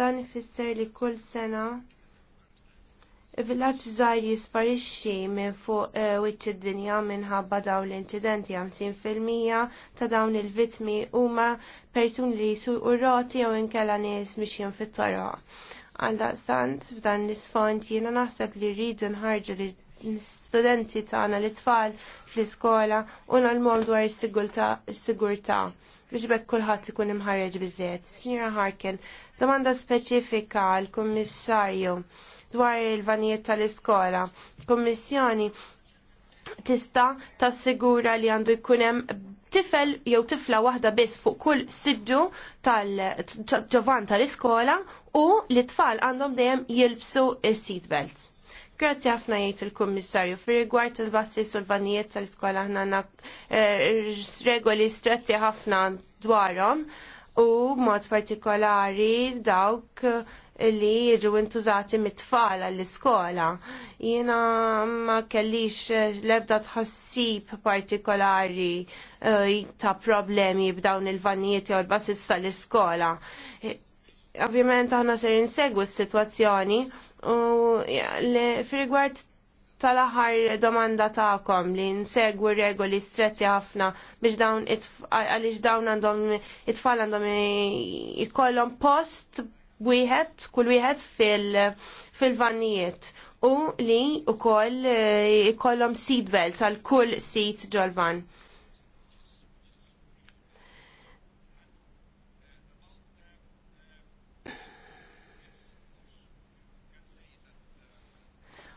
dan ifisser li kull sena Villaġġ żgħar jisparixxi minn fuq eh, wiċċ id-dinja minħabba dawn l-inċidenti 50% ta' dawn il-vitmi huma persuni li jisu u roti jew inkella nies mixjin fit-toroq. Għal f'dan l-isfond jiena naħseb li rridu nħarġu li studenti tagħna li tfal fl-iskola u n-mom dwar is-sigurtà biex bekk kulħadd ikun imħarreġ biżejjed. Sinjora Harkin, domanda speċifika għal kummissarju dwar il-vanijiet tal-iskola. Kummissjoni tista' tassigura li għandu jkun hemm tifel jew tifla waħda biss fuq kull siġġu tal-ġovan tal-iskola u li tfal għandhom dejjem jilbsu il-seatbelts. Grazzi ħafna jgħid il-Kummissarju fir rigward il-bassi sul-vanijiet tal-iskola ħna eh, regoli stretti ħafna dwarhom u mod partikolari dawk li jiġu intużati mit-tfal għall-iskola. Jiena ma kellix l-ebda tħassib partikolari eh, ta' problemi b'dawn il-vanijiet jew l-basis tal-iskola. Ovvjament aħna ser insegwu s-sitwazzjoni u fil-rigward tal-aħħar domanda tagħkom li nsegwu regoli stretti ħafna biex dawn għaliex dawn għandhom it-tfal għandhom ikollhom post wieħed kull wieħed fil-vannijiet fil u li wkoll eh, ikollhom seat belts għal kull seat ġolvan.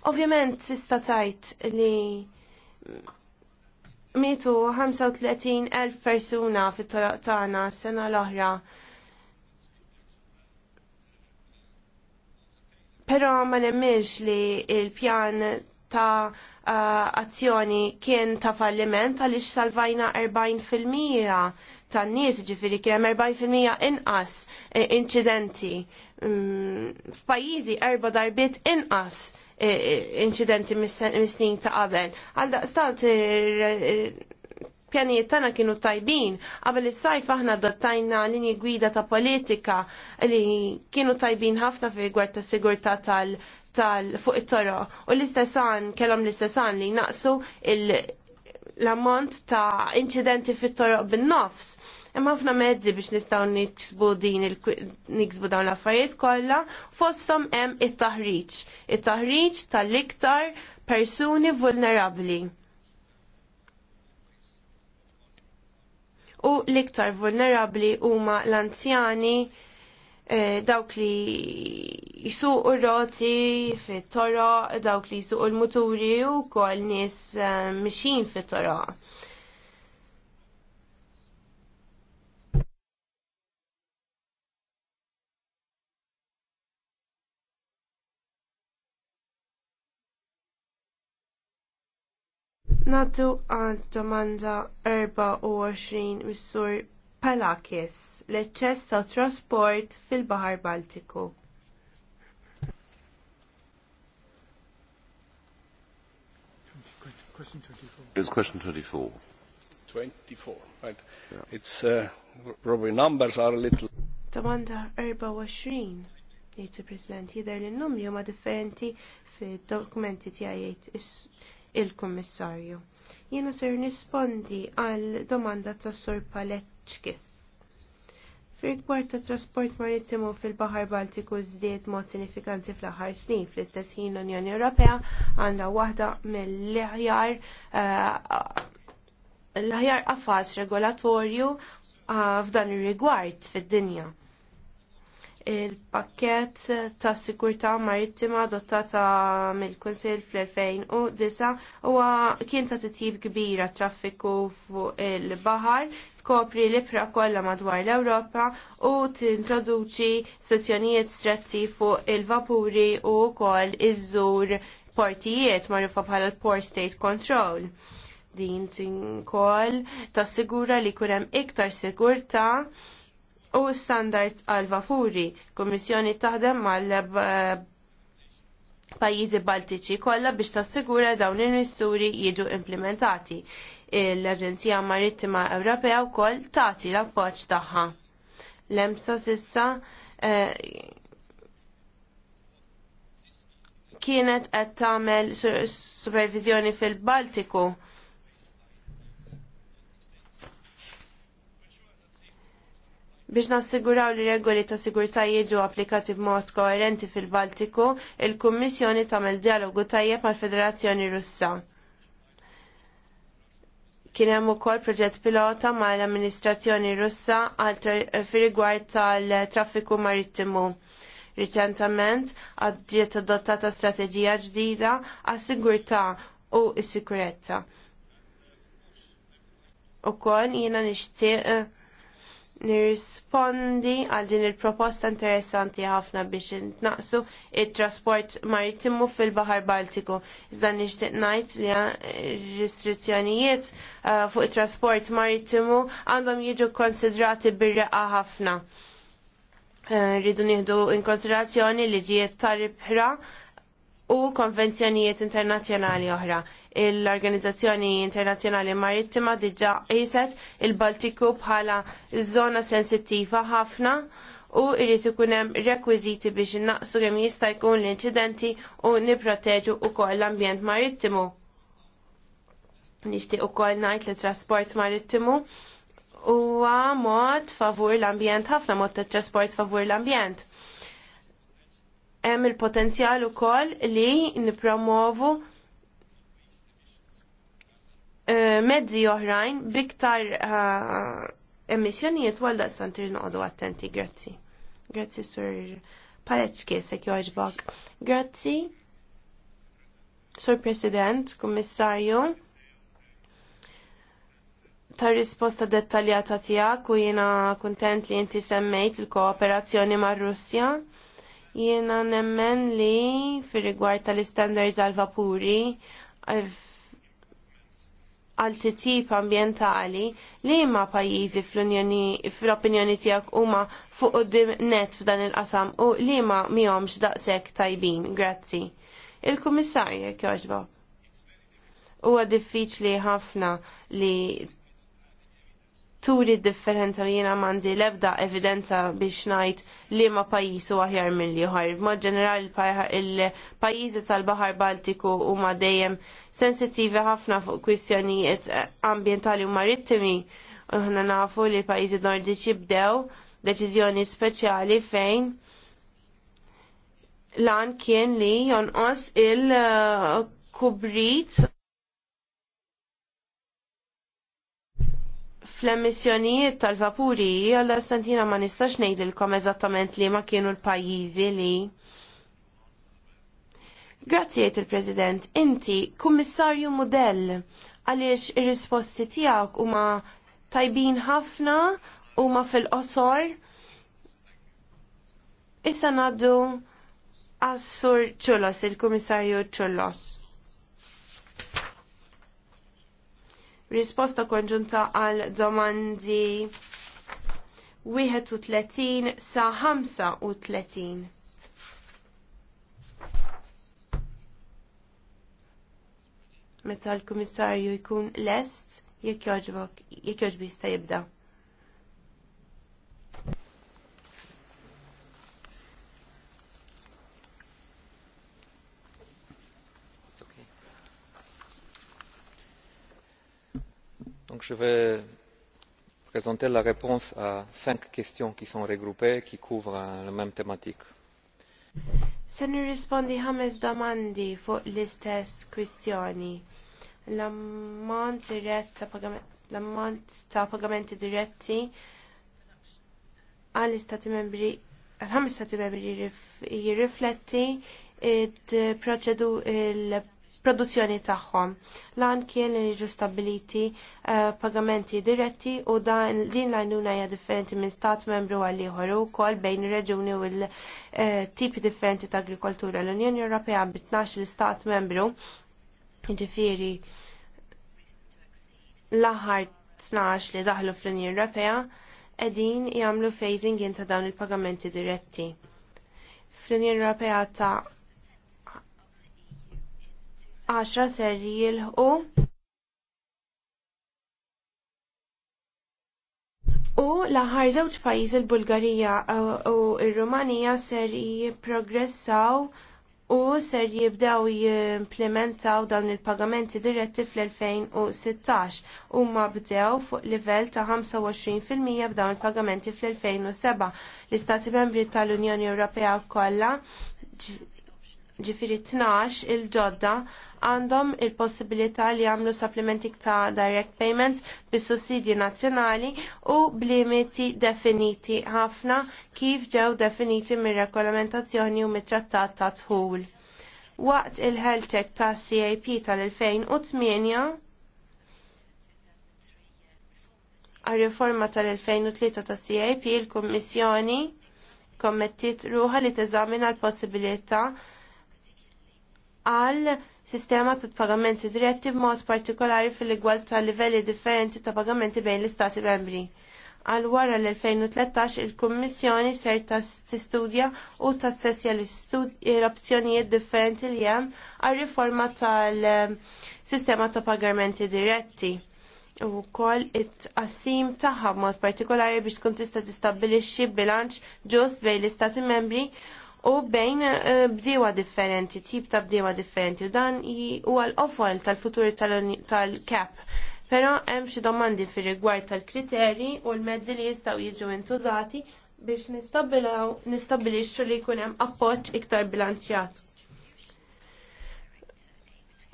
Ovvjament tista' tajt li mietu 35,000 persuna fit-toroq tagħna sena l-oħra Però ma nemmenx li il-pjan ta' uh, azzjoni kien ta' falliment għaliex salvajna 40% tan nies ġifiri kien 40% inqas eh, incidenti. Mm, f'pajjiżi erba darbiet inqas eh, incidenti mis-snin ta' qabel. Għal daqstant pjanijiet tagħna kienu tajbin. Qabel is-sajf aħna dottajna linji gwida ta' politika li kienu tajbin ħafna fi rigward ta' sigurtà tal tal fuq it-toro u l-istessan kellhom l-istessan li naqsu l-ammont ta' inċidenti fit-toroq bin-nofs. Hemm ħafna mezzi biex nistgħu niksbu din niksbu dawn l-affarijiet kollha, fosthom hemm it-taħriġ, it-taħriġ tal-iktar persuni vulnerabbli u l-iktar vulnerabli huma l-anzjani eh, dawk li jisu r-roti fit-toroq, dawk li u l-muturi u kol nis eh, mxin fi fit-toroq. Naddu għad domanda 24 mis Palakis l-eċċess ta' trasport fil-Bahar Baltiku. question It's question 24. 24, right. It's, uh, probably numbers are a little... Domanda 24. Jiet president jider l-numri huma differenti dokumenti il-Kummissarju. Jiena ser nispondi għal domanda tas Sur Paleċkis. fir gwar ta' trasport marittimu fil-Bahar Baltiku żdied mod sinifikanti fl-aħħar snin fl-istess ħin l-Unjoni Ewropea għandha waħda mill-aħjar eh, l-aħjar qafas regolatorju eh, f'dan ir-rigward fid-dinja il-pakket ta' sigurtà marittima adottata mill-Kunsill fl-2009 huwa kien ta' titjib kbira traffiku fuq il-baħar, tkopri l-ibra kollha madwar l-Ewropa u tintroduċi sezzjonijiet stretti fuq il-vapuri u wkoll iż-żur portijiet magħrufa bħala l-Port State Control din tinkol tassigura li hemm iktar sigurta u standards għal vapuri. Kummissjoni taħdem mal eh, pajjiżi Baltiċi kollha biex tassigura dawn il-missuri jiġu implementati. L-Aġenzija Marittima Ewropea wkoll tagħti l-appoġġ tagħha. L-EMSA s'issa eh, kienet qed tagħmel supervizjoni fil-Baltiku Biex nassiguraw li regoli ta' sigurtà jiġu applikati b'mod koerenti fil-Baltiku, il-Kummissjoni tagħmel dialogu tajjeb mal-Federazzjoni Russa. Kien hemm ukoll proġett pilota mal-Amministrazzjoni Russa fir-rigward tal-traffiku marittimu. Riċentament għaddiet adottata strateġija ġdida għas-sigurtà u s-sikurezza. Ukoll jiena nixtieq nirrispondi għal din il-proposta interessanti ħafna biex naqsu il-trasport marittimu fil-Bahar Baltiku. Iżda nixtieq ngħid li restrizzjonijiet uh, fuq il-trasport marittimu għandhom jiġu konsidrati bir ħafna. Uh, rridu nieħdu in konsiderazzjoni ġiet tarib ħra u konvenzjonijiet internazzjonali oħra l-Organizzazzjoni Internazzjonali Marittima diġà qiset il-Baltiku bħala żona sensittiva ħafna u jrid ikun hemm rekwiżiti biex innaqsu kemm jista' jkun l-inċidenti u nipproteġu wkoll l-ambjent marittimu. Nixtieq ukoll ngħid li trasport marittimu huwa mod favur l-ambjent ħafna mod tat-trasport favur l-ambjent hemm il-potenzjal ukoll li nippromovu Eh, mezzi oħrajn biktar eh, emissjonijiet għal daqstan tirnoqdu attenti, grazzi. Grazzi sur Paleċki, sekk joħġbok. Grazzi, sur President, Kummissarju, ta' risposta dettaljata tijak u jena kontent li inti semmejt il-kooperazzjoni ma' Russja. Jena nemmen li fir rigward tal-standards għal-vapuri għal titjib ambjentali li ma pajjiżi fl-opinjoni tiegħek huma fuq qudiem net f'dan il-qasam u li ma mihomx daqshekk tajbin. Grazzi. Il-Kummissarju U għad Huwa diffiċli ħafna li Turi differenta u jiena m'għandi l-ebda evidenza biex ngħid li ma u aħjar mill ħar. Mod ġenerali il-pajjiżi tal-Baħar Baltiku huma dejjem sensittivi ħafna fuq kwistjonijiet ambjentali u marittimi. Aħna nafu li l-pajjiżi nordiċi bdew deċiżjoni speċjali fejn lan kien li jonqos il-kubrit fl-emissjonijiet tal-vapuri għalla stantina ma nistax ngħidilkom eżattament li ma kienu l-pajjiżi li Grazzi jgħid il-President, inti kummissarju model għaliex ir-risposti tiegħek huma tajbin ħafna huma fil-qosor. Issa naddu għassur Ċullos, il-Kummissarju Ċullos. risposta konġunta għal domandi 31 sa 35. Meta l-Kummissarju jkun lest, jekk joġbok, jekk jista' jibda. Donc je vais présenter la réponse à cinq questions qui sont regroupées, qui couvrent euh, la même thématique. Se ne nirrispondi ħames domandi fuq l-istess kwistjoni. La ammont ta' pagamenti diretti għal stati membri għal ħames stati membri rifletti il procedu il produzzjoni tagħhom. Lan kien li jiġu stabiliti uh, pagamenti diretti u dan din l-għajnuna hija differenti minn stat membru għal ieħor ukoll bejn ir-reġuni u l-tipi eh, differenti ta' agrikoltura. L-Unjoni Ewropea bitnax l-istat membru ġifieri l-aħħar 12 li daħlu fl-Unjoni Ewropea qegħdin jagħmlu phasing in ta' dawn il-pagamenti diretti. Fl-Unjoni Ewropea ta' 10 ser jilħu U l-aħħar żewġ pajjiż il-Bulgarija u r-Rumanija ser jipprogressaw u ser jibdew jimplementaw dawn il-pagamenti diretti fl-2016 u ma bdew fuq livell ta' 25% b'dawn il-pagamenti fl-2007. L-Istati Membri tal-Unjoni Ewropea kollha ġifiri 12 il-ġodda għandhom il-possibilità li għamlu supplementi ta' direct payments bis sussidji nazzjonali u blimiti definiti ħafna kif ġew definiti mir regolamentazzjoni u mit-trattat ta' tħul. Waqt il-health check ta' CAP tal-2008 għal-riforma tal-2003 ta' CAP il-Kommissjoni kommettit ruħa li teżamina l-possibilità għal sistema ta' pagamenti diretti b'mod partikolari fil-igwal ta' livelli differenti ta' pagamenti bejn l-Istati membri. Għal wara l-2013 il-Kummissjoni ser ta' studja u ta' sessja l-opzjonijiet differenti li hemm għal riforma tal-sistema ta' pagamenti diretti u kol it-qassim taħħa mod partikolari biex tkun tista' tistabbilixxi bilanċ ġust bejn l-Istati membri u bejn eh, bdiewa differenti, tip ta' bdiewa differenti u dan huwa l-ofol tal-futur tal-kap. Però hemm xi domandi fir-rigward tal-kriterji u l-mezzi li jistgħu jiġu intużati biex nistabbilixxu li jkun hemm appoġġ iktar bilanċjat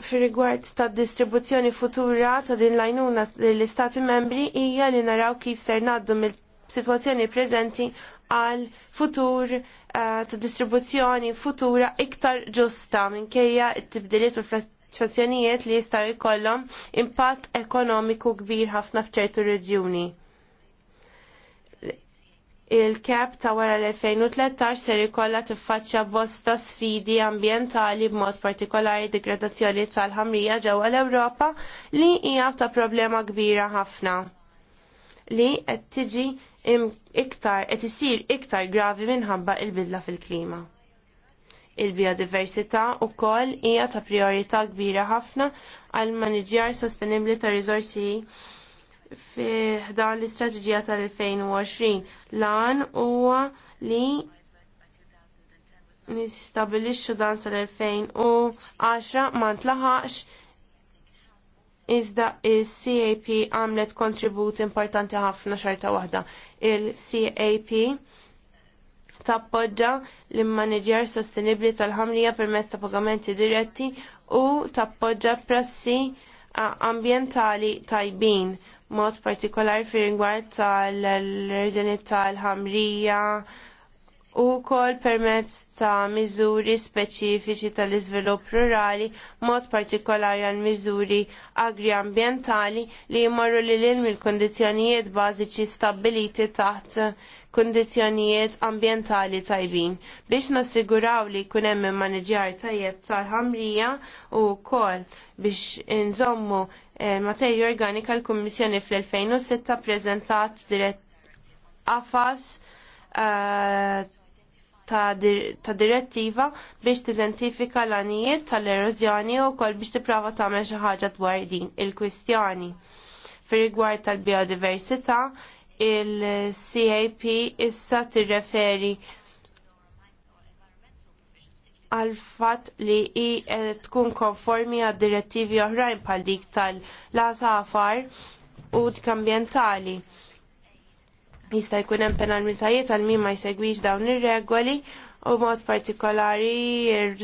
fir-rigward ta' distribuzzjoni futura ta' din l-għajnuna l-istati membri hija li naraw kif ser naddu mill-sitwazzjoni preżenti għal futur Eh, ta' distribuzzjoni futura iktar ġusta minkejja t-tibdiliet u fl li jistaw jkollhom impatt ekonomiku kbir ħafna f'ċertu reġjuni. Il-kep ta' wara l-2013 ser ikollha tiffaċċja bosta sfidi ambjentali b'mod partikolari degradazzjoni tal-ħamrija ġewwa l-Ewropa li hija ta' problema kbira ħafna li qed tiġi iktar qed isir iktar gravi minħabba il-bidla fil-klima. Il-biodiversità wkoll hija ta' priorità kbira ħafna għal maniġjar sostenibbli ta' riżorsi fi dan l-istrateġija tal-2020 lan huwa li nistabilixxu dan sal-2010 ma ntlaħaqx iżda il-CAP għamlet kontribut importanti ħafna xarta waħda. Il-CAP tappoġġa l-manager sostenibli tal-ħamrija permezz ta' pagamenti diretti u tappoġġa prassi ambjentali tajbin mod partikolari fir rigward tal-reġuni tal-ħamrija, u kol permezz ta' miżuri speċifiċi tal-iżvilupp rurali, mod partikolari għal miżuri agriambientali li jmorru li l il kondizjonijiet bażiċi stabiliti taħt kondizjonijiet ambientali tajbin. Biex nassiguraw li jkun hemm maniġjar tajjeb tal-ħamrija u kol biex inżommu eh, materja organika l-Kummissjoni fl-2006 prezentat dirett afas. uh, ta', dir ta direttiva biex tidentifika l-anijiet tal-erozjoni u kol biex tipprova tagħmel xi ħaġa dwar din il-kwistjoni. Fir-rigward tal-biodiversità, il-CAP issa tirreferi għal fatt li hi e, tkun konformi għad direttivi oħrajn bħal dik tal-lasafar u dik ambjentali jista' jkun hemm penalmitajiet għal min ma jsegwix dawn ir-regoli u mod partikolari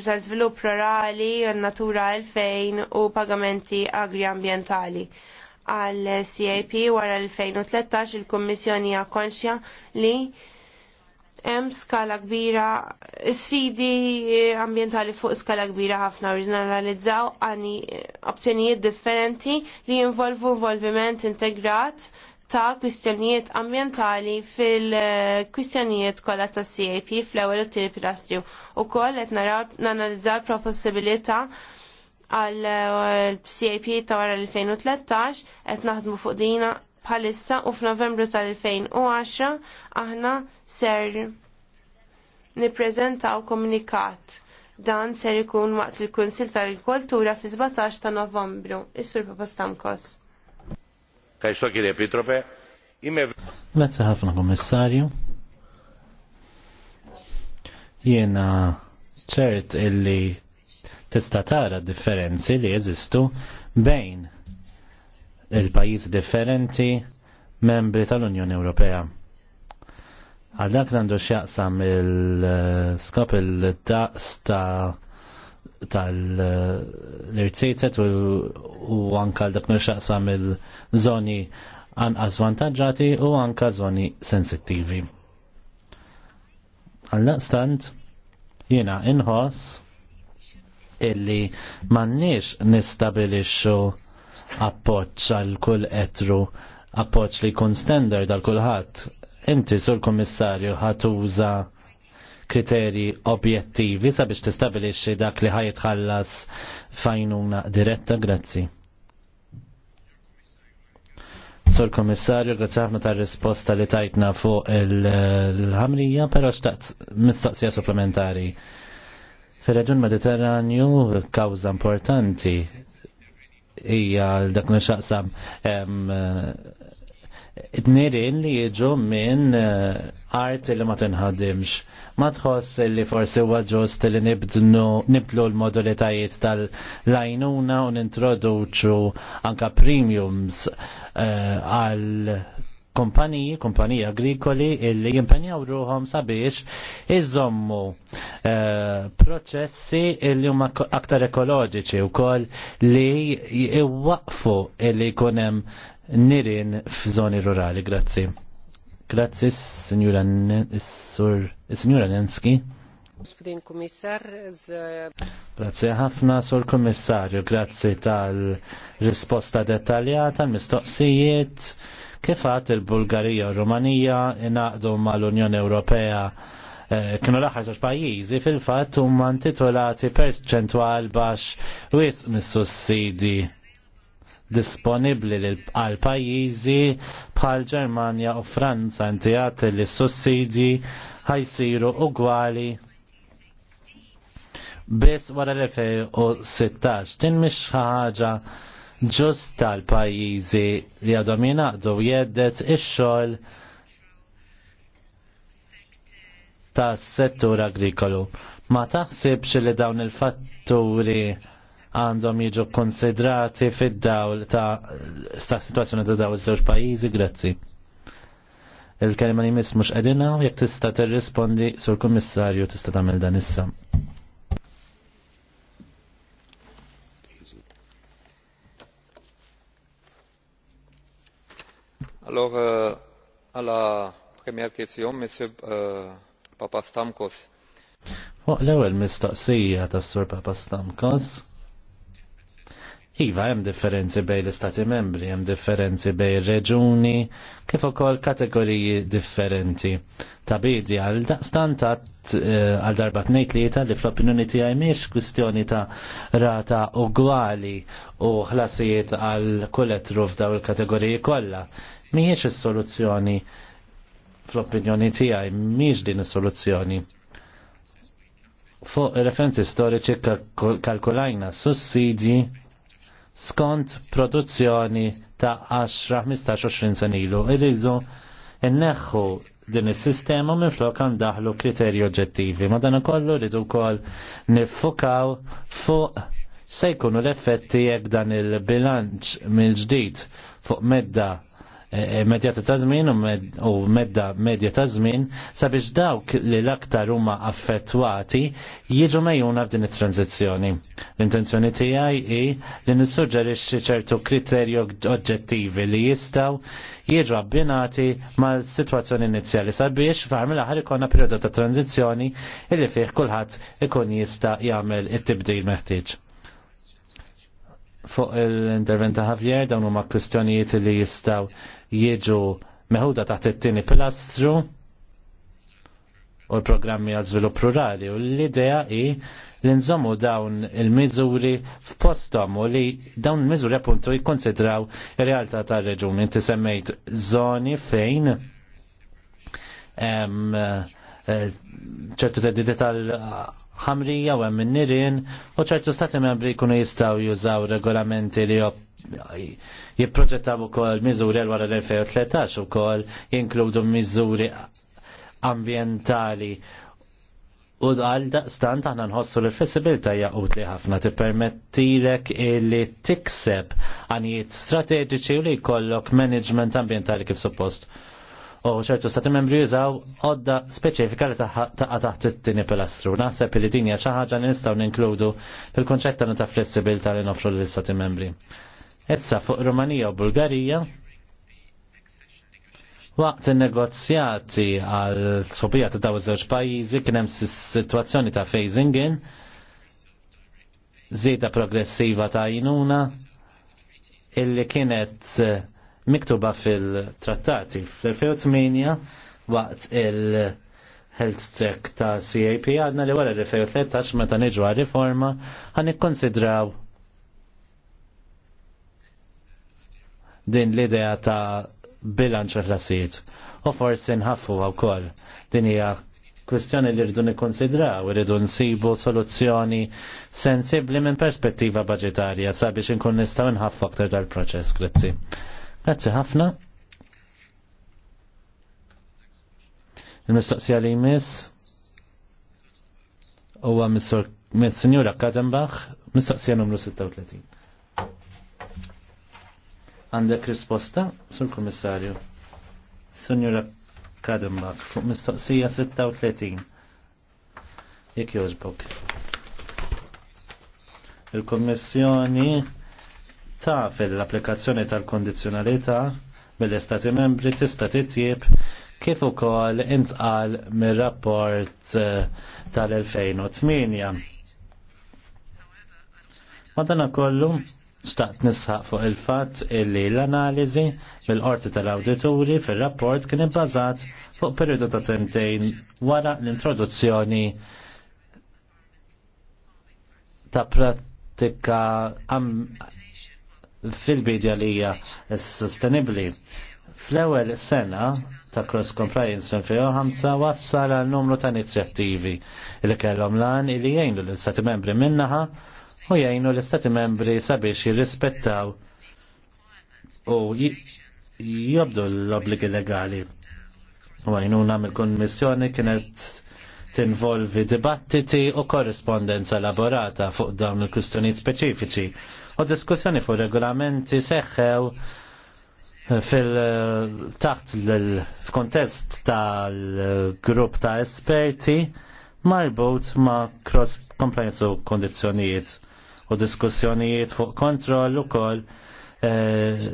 ta' żvilupp rurali natura għalfejn u pagamenti agri-ambientali. Għal CAP wara l-2013 il-Kummissjoni hija konxja li hemm skala kbira, sfidi ambjentali fuq skala kbira ħafna u analizzaw għani opzjonijiet differenti li jinvolvu involviment integrat ta' kwistjonijiet ambjentali fil-kwistjonijiet kollha ta' CAP fl-ewwel u tieni pilastru. Ukoll qed nanalizzaw possibilità għal eh, CAP ta' wara l-2013 qed naħdmu fuq dina bħalissa u f'Novembru tal-2010 aħna ser nippreżentaw komunikat dan ser ikun waqt il-Kunsil tal-Kultura fi 17 ta' Novembru. Is-Sur Papa Stamkos. Kajxto Grazie ħafna Kommissarju. Jena ċert illi tista tara differenzi li jeżistu bejn il pajjiżi differenti membri tal-Unjoni Ewropea. Għal dak l-għandu xjaqsam il-skop il-daqs ta' tal-irtizet u anka l-dak xaqsam il zoni anqas vantaġġati u anka żoni sensittivi. Għal-naqstant, jena inħoss illi mannix nistabilixxu appoċ għal kull etru, appoċ li kun standard għal kulħadd. Inti sur kommissarju ħatuża kriterji objettivi sabiex tistabilixxi dak li ħallas fajnuna diretta, grazzi. Sur Komissarju, grazzi ħafna tar risposta li tajtna fuq il-ħamrija, però xtaqt mistoqsija supplementari. Fil-reġun Mediterranju kawza importanti hija dak nxaqsam id-nirin li jiġu minn eh, art li ma tinħadimx Ma tħoss li forsi huwa ġust li nibdlu l-modalitajiet tal-lajnuna u nintroduċu anka premiums eh, għal kompaniji, kompaniji agrikoli illi jimpenjaw ruħom sabiex iżommu eh, proċessi illi huma aktar ekoloġiċi u koll li iwaqfu illi kunem nirin f'żoni rurali. Grazzi. Grazzi, signora Nenski. Gospodin Komissar, Grazie ħafna, Sur Kommissarju, grazzi tal-risposta dettaljata, mistoqsijiet, kifat il-Bulgarija u Rumanija inaqdu mal-Unjoni Ewropea eh, kienu l-aħħar żewġ pajjiżi fil-fatt huma intitolati perċentwal u wisq mis-sussidi disponibli għal pajjiżi bħal Ġermanja u Franza intijat li s-sussidji ħajsiru ugwali biss wara l-2016. Din mhix ħaġa ġusta l pajjiżi li għadhom jingħaqdu jeddet ix-xogħol tas settur agrikolu. Ma taħsibx li dawn il-fatturi għandhom jiġu konsidrati fid-dawl ta' sta' situazzjoni ta' daw iż-żewġ pajjiżi, grazzi. Il-kelma li miss mhux qegħdinha jekk tista' tirrispondi sur kummissarju tista' tagħmel dan issa. Allora, għala premier question, Monsieur eh, Papa Papastamkos. Fuq l-ewwel mistoqsija tas-Sur Papastamkos Iva, hemm differenzi bej l-istati membri, hemm differenzi bej reġuni, kif ukoll kategoriji differenti. Tabidi għal stantat eh, għal darba tnejt li li fl-opinjoni tiegħi mhix kwistjoni ta' rata ugwali u ħlasijiet għal ruf f'daw il-kategoriji kollha. Mhijiex is-soluzzjoni fl-opinjoni tiegħi mhix din is-soluzzjoni. Fuq referenzi storiċi kalkulajna sussidji skont produzzjoni ta' 10-15-20 sen ilu. Irridu inneħħu din is-sistema minn flok daħlu kriterji oġġettivi. Madana kollu rridu wkoll nifukaw fuq se jkunu l-effetti jekk dan il-bilanċ mill-ġdid fuq medda medjata ta' żmien u medda medja ta' żmien sabiex dawk li l-aktar huma affettwati jiġu mejjuna f'din it-tranzizzjoni. L-intenzjoni tiegħi hi li nissuġġerixxi ċertu kriterju oġġettivi li jistgħu jiġu abbinati mal-sitwazzjoni inizjali sabiex f'għar mill-aħħar ikonna perjodu ta' tranzizzjoni illi fih kulħadd ikun jista' jagħmel it-tibdil meħtieġ. Fuq l-intervent ta' Javier dawn huma kwistjonijiet li jistgħu jiġu meħuda taħt it-tieni pilastru u l-programmi għal żvilupp rurali u l-idea hi li nżommu dawn il-miżuri f'postom u li dawn il-miżuri appuntu jikkonsidraw ir-realtà tar reġun Inti semmejt żoni fejn uh, ċertu t-eddita tal-ħamrija u hemm in-nirien u ċertu stati membri jkunu jistgħu jużaw regolamenti li jipproġettaw ukoll miżuri l wara l-2013 ukoll jinkludu miżuri ambientali u għal stant aħna nħossu l-flessibilta hija utli ħafna tippermettilek illi tikseb għanijiet strateġiċi u li jkollok management ambientali kif suppost u ċertu stati membri jużaw għodda speċifika li taqqa taħt it-tini pilastru. Naħseb li dinja xi ħaġa nistgħu ninkludu fil konċetta ta' flessibilità li nofru lill stati membri. Issa fuq Rumanija u Bulgarija Waqt il-negozjati għal sobija ta' daw żewġ pajjiżi kien hemm sitwazzjoni ta' phasing in, Zieda progressiva ta' jinuna illi kienet miktuba fil-trattati. Fl-2008 waqt il- health check ta' CAP għadna li wara li 2013 meta niġu għal riforma għan ikkonsidraw din l-idea ta' bilanċ ħlasijiet. U forsi nħaffu għaw kol. Din hija kwestjoni li rridu nikkonsidraw, rridu nsibu soluzzjoni sensibli minn perspettiva budgetarja sabiex nkun nistgħu nħaffu aktar dal-proċess. Grazzi. Grazzi ħafna. Il-mistoqsija li jmiss huwa mis-Sinjura Kadenbach, mistoqsija numru 36. Għandek risposta, Sur Kummissarju. Sinjura Kadenbach, fuq mistoqsija 36. Jek jożbok. Il-Kommissjoni taf l-applikazzjoni tal-kondizjonalità mill-Istati membri tista' titjib kif ukoll intqal mir-rapport eh, tal-2008. Madana kollu, staqt nisħaq fuq il-fatt illi l-analiżi mill-qorti tal-awdituri fir-rapport kien ibbażat fuq periodu ta' tentejn wara l-introduzzjoni ta' pratika fil-bidja li hija sostenibbli. Fl-ewwel sena ta' cross compliance fil-2005 wassal għal numru ta' inizjattivi li kellhom lan li jgħinu l-Istati membri minnaħa u jgħinu l-Istati membri sabiex jirrispettaw u jobdu l-obbligi legali. U għajnuna mill kummissjoni kienet tinvolvi dibattiti u korrespondenza elaborata fuq dawn il kustjoni speċifiċi u diskussjoni fuq regolamenti seħħew fil-taħt f'kontest tal-grupp ta' esperti marbut ma' cross compliance u kondizjonijiet u diskussjonijiet fuq kontroll u koll eh,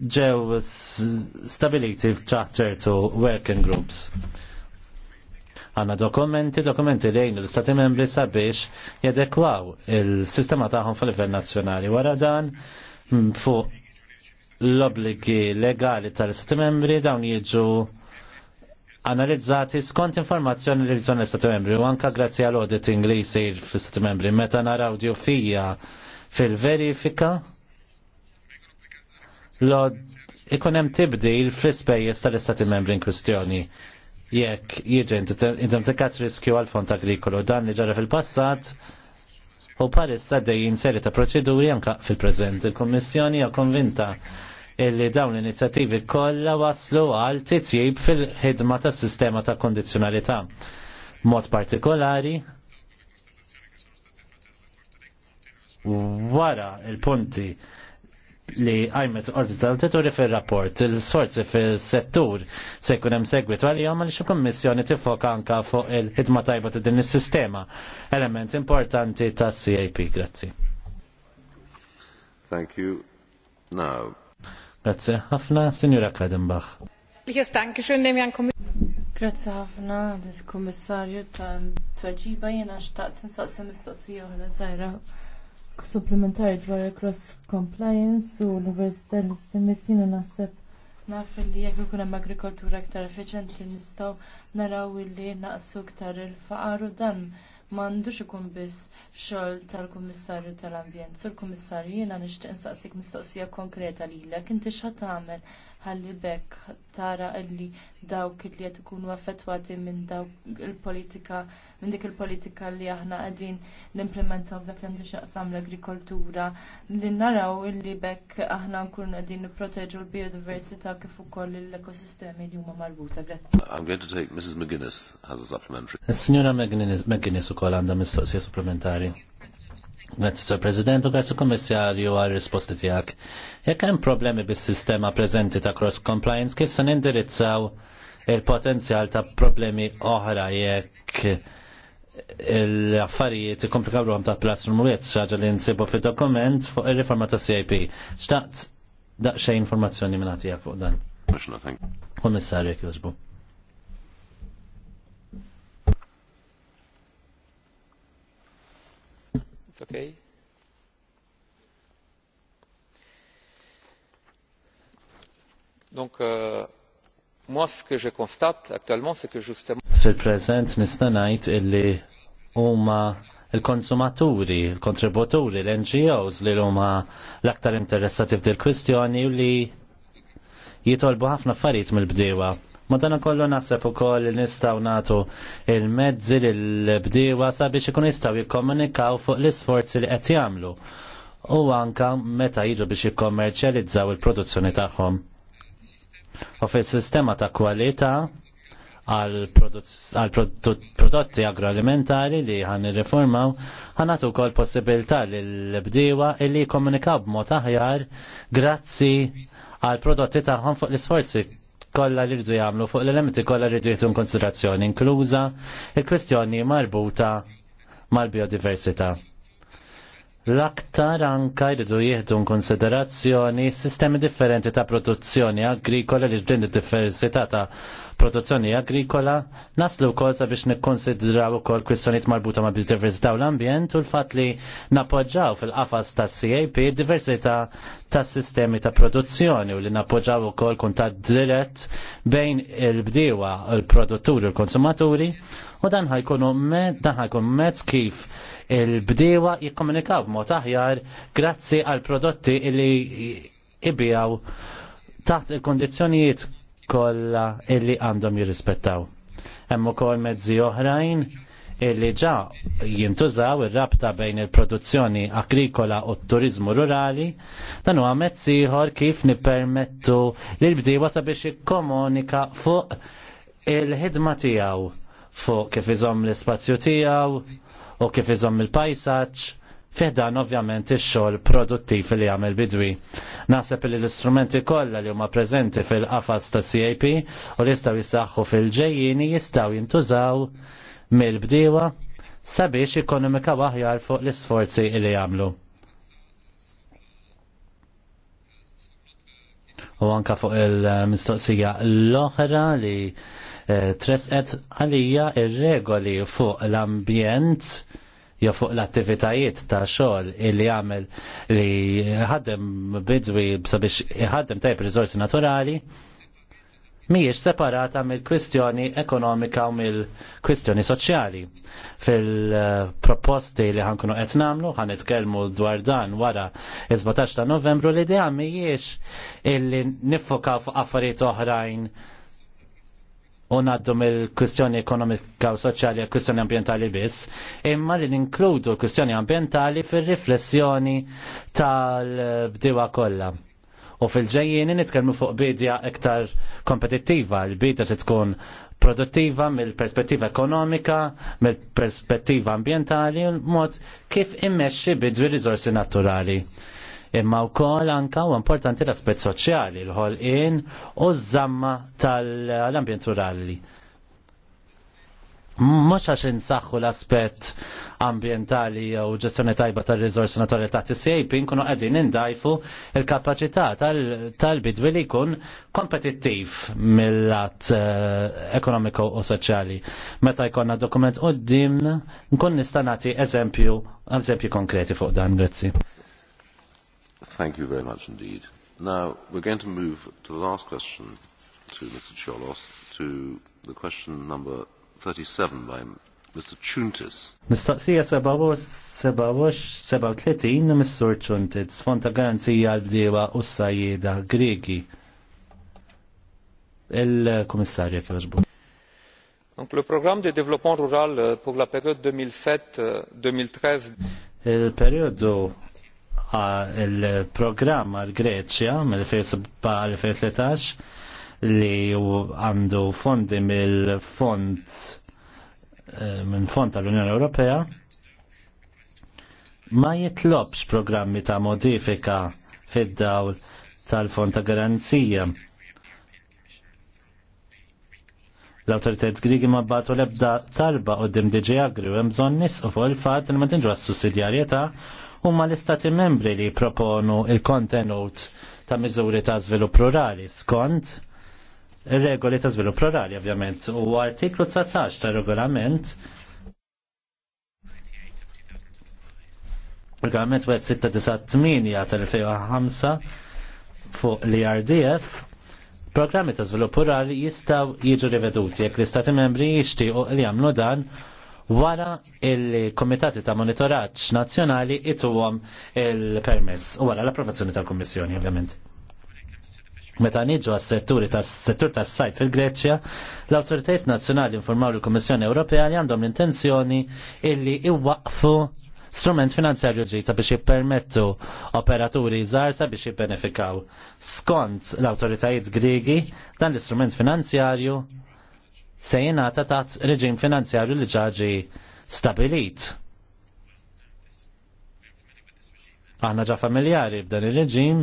ġew stabiliti f'ċaċertu working groups. Għanna dokumenti, dokumenti lejn l-Stati membri sabiex jadekwaw il-sistema taħħom fil-livell nazzjonali. Wara dan fuq l-obligi legali tal-Stati membri dawn jiġu analizzati skont informazzjoni li rritu l-Stati membri u anka grazzi għal-audit Inglisi fil-Stati membri. Meta naraw fija fil-verifika l-ikun hemm tibdil fl-ispejjeż tal-Istati Membri in kwistjoni jekk jiġi identifikat riskju għal fond agrikolo dan li ġara fil-passat u palissa dejjin seri ta' proċeduri anka fil prezent Il-Kommissjoni hija konvinta illi dawn l-inizjattivi kollha waslu għal titjib fil-ħidma tas sistema ta' kondizjonalità. Mod partikolari wara il-punti li għajmet ordi tal-auditori fil-rapport, il-sorzi fil-settur se jkun hemm segwit għalihom għaliex il-Kummissjoni tifok anka fuq il-ħidma tajba ta' din is-sistema, element importanti ta' CAP. Grazzi. Thank you. Now. Grazzi ħafna, Sinjura Kadenbach. Grazzi ħafna, kommissarju tal-Tweġiba jiena xtaqt nsaqsi mistoqsija oħra żgħira supplementari dwar il-cross compliance u l-Università li semmet jiena naħseb naf li jekk ikun hemm agrikoltura aktar effiċjenti nistgħu naraw li naqsu iktar il-faqar u dan m'għandux ikun biss xogħol tal-Kummissarju tal-Ambjent. Sur Kummissarju jiena nixtieq nsaqsik mistoqsija konkreta lilek inti x'ħadd tagħmel ħalli bekk tara illi dawk li qed ikunu affettwati minn dawk il-politika minn dik il-politika li aħna qegħdin nimplementaw dak li għandu x'aqsam l-agrikoltura li naraw illi bekk aħna nkunu qegħdin nipproteġu l-biodiversità kif ukoll l-ekosistemi li huma marbuta. Grazzi. I'm going to take Mrs. McGuinness has a supplementary. Signora McGuinness ukoll għandha mistoqsija supplementari. Grazie, Sir President u grazzi Kommissarju għal risposti tiegħek. Jekk hemm problemi bis-sistema prezenti ta' cross compliance, kif se nindirizzaw il-potenzjal ta' problemi oħra jekk l-affarijiet ikomplikaw l ta' plastru muwiet xaġa li nsibu fil dokument fuq il-riforma ta' CIP. Xtaqt daqxej informazzjoni minn għatijak fuq dan. Kommissarju jek jużbu. It's okay. Donc, euh, moi, ce que je constate actuellement, c'est que justement... Fil-prezent nistanajt illi huma il-konsumaturi, il-kontributuri, l-NGOs li huma l-aktar interessati f'dil kwistjoni u li jitolbu ħafna affarijiet mill-bdewa Ma dan kollu naħseb ukoll li nistgħu nagħtu il-mezzi lill-bdiewa sabiex ikun jistgħu jikkomunikaw fuq l-isforzi li qed jagħmlu u anka meta jiġu biex jikkommerċjalizzaw il-produzzjoni tagħhom. U fis sistema ta' kwalità għal prodotti agroalimentari li ħan irreformaw, ħanatu kol possibilità l-bdiewa illi komunikaw b'mod aħjar grazzi għal prodotti tagħhom fuq l-isforzi Kolla li rridu jagħmlu fuq l-elementi kollha li rridu jieħdu konsiderazzjoni inkluża il-kwestjoni marbuta mal-biodiversità. L-aktar anka jridu jieħdu konsiderazzjoni sistemi differenti ta' produzzjoni agrikola li ġdien id-diversità ta' produzzjoni agrikola, naslu wkoll sabiex nikkonsidraw ukoll kwistjoniet marbuta ma' biodiversità u l-ambjent u l-fatt li napoġġaw fil-qafas tas CAP diversità tas sistemi ta' produzzjoni u li napoġġaw ukoll kuntat dirett bejn il bdiwa il-produtturi u l-konsumaturi u dan ħajkunu ħajkun mezz kif il-bdiewa jikkomunikaw b'mod aħjar grazzi għal prodotti li ibijaw taħt il-kondizjonijiet kollha illi għandhom jirrispettaw. Hemm ukoll mezzi oħrajn illi ġa jintużaw ir-rabta bejn il-produzzjoni agrikola u t-turizmu rurali, dan huwa mezz ieħor kif nippermettu l bdiewa sabiex jikkomunika fuq il-ħidma tiegħu fuq kif iżomm l-ispazju tiegħu u kif iżomm il-pajsaġġ Fedan ovvjament ix-xogħol produttiv li jagħmel bidwi. Naħseb li l-istrumenti kollha li huma preżenti fil-qafas ta' CAP u li jistgħu jisaħħu fil-ġejjini jistgħu jintużaw mill-bdiewa sabiex ekonomika waħjar fuq l-isforzi li jagħmlu. U anka fuq il-mistoqsija l-oħra li eh, tresqet għalija ir-regoli fuq l-ambjent jew fuq l-attivitajiet ta' xogħol illi jagħmel li ħaddem bidwi sabiex ħaddem tajb riżorsi naturali mhijiex separata mill-kwistjoni ekonomika u mill-kwistjoni soċjali. Fil-proposti li ħankunu qed nagħmlu ħan nitkellmu dwar dan wara 17 ta' Novembru l-idea mhijiex illi niffokaw fuq affarijiet oħrajn unaddu mill-kwistjoni ekonomika u soċjali u kwistjoni ambientali biss, imma li ninkludu kwistjoni ambientali fil-riflessjoni tal-bdiwa kollha. U fil-ġejjien nitkellmu fuq bidja iktar kompetittiva, l-bidja se tkun produttiva mill-perspettiva ekonomika, mill-perspettiva ambientali, u l-mod kif immexxi bidwi riżorsi naturali. Imma wkoll anka u importanti l-aspett soċjali, l-ħolqien u żamma tal-ambjent rurali. Mhux għax insaħħu l-aspett ambjentali jew ġestjoni tajba tal-rizorsi naturali ta' TCAP nkunu qegħdin indajfu il-kapaċità tal-bidwi li jkun kompetittiv mill lat eh, ekonomiku u soċjali. Meta jkollna dokument quddiem nkun nista' nagħti eżempju eżempju konkreti fuq dan, grazzi. Thank you very much indeed. Now, we're going to move to the last question to Mr. Cholos, to the question number 37 by Mr. Chuntis. Mistaqsija 37 Mr. Chuntis, fonta garanzija għal-bdiewa u sajjida Gregi. Il-Komissarja kħiġbu. Donc le programme de développement rural euh, pour la période 2007-2013. Euh, Il-periodu il-programm għal Greċja mill-2013 li għandu fondi mill-fond eh, minn fond tal-Unjoni Ewropea ma jitlobx programmi ta' modifika fid-dawl tal-fond ta' garanzija. L-autoritet grigi ma batu lebda talba u dim DG Agri u jemżon nisqu fuq il-fat li ma tinġu għas sussidjarieta huma l-istati membri li proponu il-kontenut ta' miżuri ta' żvilupp rurali skont regoli ta' żvilupp rurali ovvjament u artiklu 19 ta' regolament Regolament 698 tal-2005 fuq l-IRDF programmi ta' żvilupp rurali jistgħu jiġu riveduti jekk l-istati membri jixtiequ li jagħmlu dan wara il-Komitati ta' Monitoraġġ Nazzjonali ituhom il-permess u wara l-approvazzjoni tal-Kummissjoni, ovvjament. Meta niġu għas-setturi ta' settur tas-sajt fil-Greċja, l-awtoritajiet nazzjonali informaw l-Kummissjoni Ewropea li għandhom l-intenzjoni illi iwaqfu strument finanzjarju ġita biex jippermettu operaturi żgħar biex jibbenefikaw. Skont l-autoritajiet Griegi, dan l-istrument finanzjarju se jingħata taħt reġim finanzjarju li ġaġi stabilit. Aħna ġa familjari b'dan ir-reġim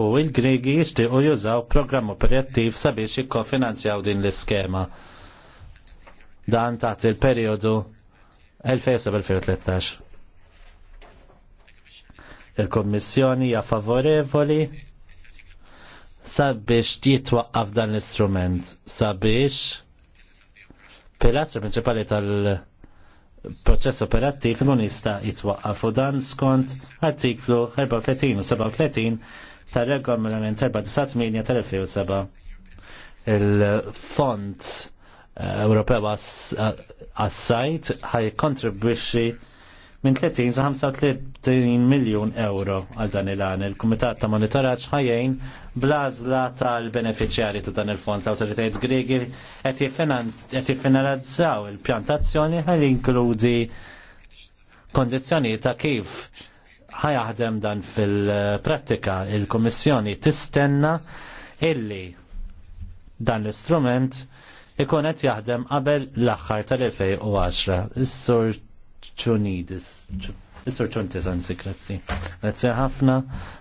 u il jishti jixtiequ jużaw programm operattiv sabiex jikkofinanzjaw din l-iskema. Dan taħt il periodu 2013 Il-Kommissjoni hija favorevoli sabiex jitwaqqaf dan l-istrument, sabiex pilastru principali tal-proċess operattiv non jista jitwaqqaf u dan skont artiklu 34 u 37 tal-regolament 49 tal-2007. Il-Fond Ewropew għas-sajt ħaj kontribwixi minn 30 sa 35 miljon euro għal dan il-għan. Il-Kumitat ta' Monitoraġġ ħajjejn blażla tal-beneficjari ta' dan il-fond l autoritajt Gregi qed jiffinalizzaw il-pjantazzjoni ħalli inkludi kondizjoni ta' kif ħajaħdem dan fil-prattika il-Kommissjoni tistenna illi dan l-istrument ikun qed jaħdem qabel l-aħħar tal-2010. Is-sur ċonidis. sur ċontis għanzi, grazzi. Grazzi ħafna,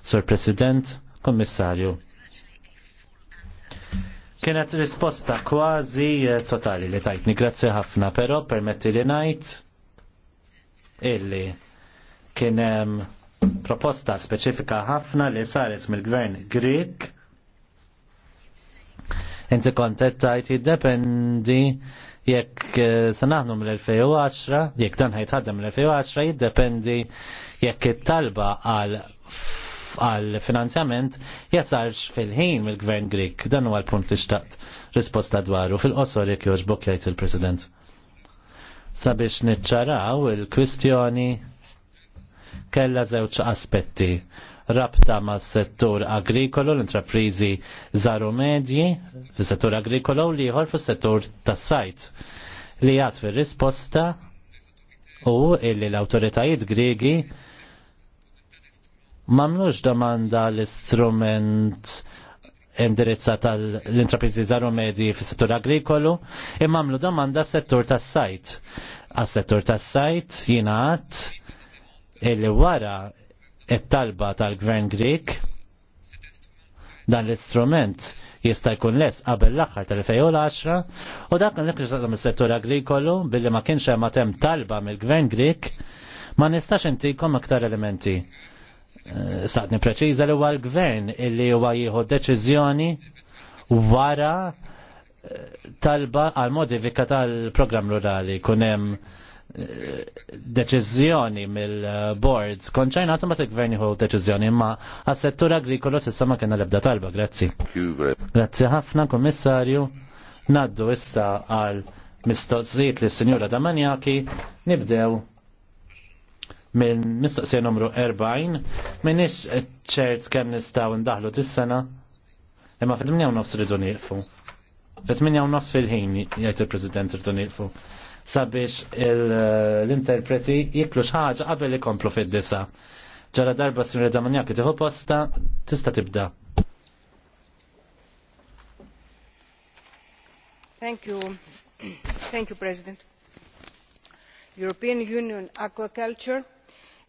Sur President, Kommissarju. Kienet risposta kważi eh, totali li tajtni, grazzi ħafna, pero permetti li najt illi kienem proposta speċifika ħafna li saret mill-gvern Grek. Inti kontet tajt jiddependi jekk eh, sanaħnu mill-2010, jekk dan ħajtħaddem mill-2010, jiddependi jekk it-talba għal għal finanzjament jasarx fil-ħin mill-gvern Grik. Dan huwa l-punt li xtaqt risposta dwaru fil-qosor jekk joġbok jgħid il-President. Sabiex niċċaraw il-kwistjoni kella żewġ aspetti rabta ma' settur agrikolo, l-intraprizi zaru medji fis settur agrikolo u liħor fis settur tas sajt li għat fir risposta u illi l-autoritajiet gregi mamlux domanda l-istrument indirizzat tal intraprizi zaru medji fis settur agrikolu imamlu domanda settur tas sajt għas settur tas sajt jina għat illi wara it-talba tal-Gvern Grik dan l-istrument jista' jkun less qabel l-aħħar tal-2010 u dak kien dak mis-settur agrikolu billi ma kienx hemm hemm talba mill-Gvern Grik ma nistax intikom aktar elementi. Eh, Saqni preċiża li huwa l-Gvern illi huwa jieħu deċiżjoni wara eh, talba għal modifika tal-programm rurali kunem hemm deċiżjoni mill-boards konċajn automatic gvern jħu deċiżjoni imma għas-settur agrikolo s'issa ma kena lebda talba, grazzi. Grazzi ħafna, komissarju, Naddu issa għal mistoqsijiet li s-Sinjura Damanjaki nibdew minn mistoqsija numru 40 ix ċert kemm nistgħu ndaħlu t sena imma fil 8 nofs ridu nieqfu. fil 8 nofs fil-ħin jgħid il-President rridu nifu sabiex eh, l-interpreti jiklu xaħġa qabel ikomplu fid-disa. Ġara darba s-sinri damanjak tiħu posta, tista tibda. Thank you. Thank you, President. European Union Aquaculture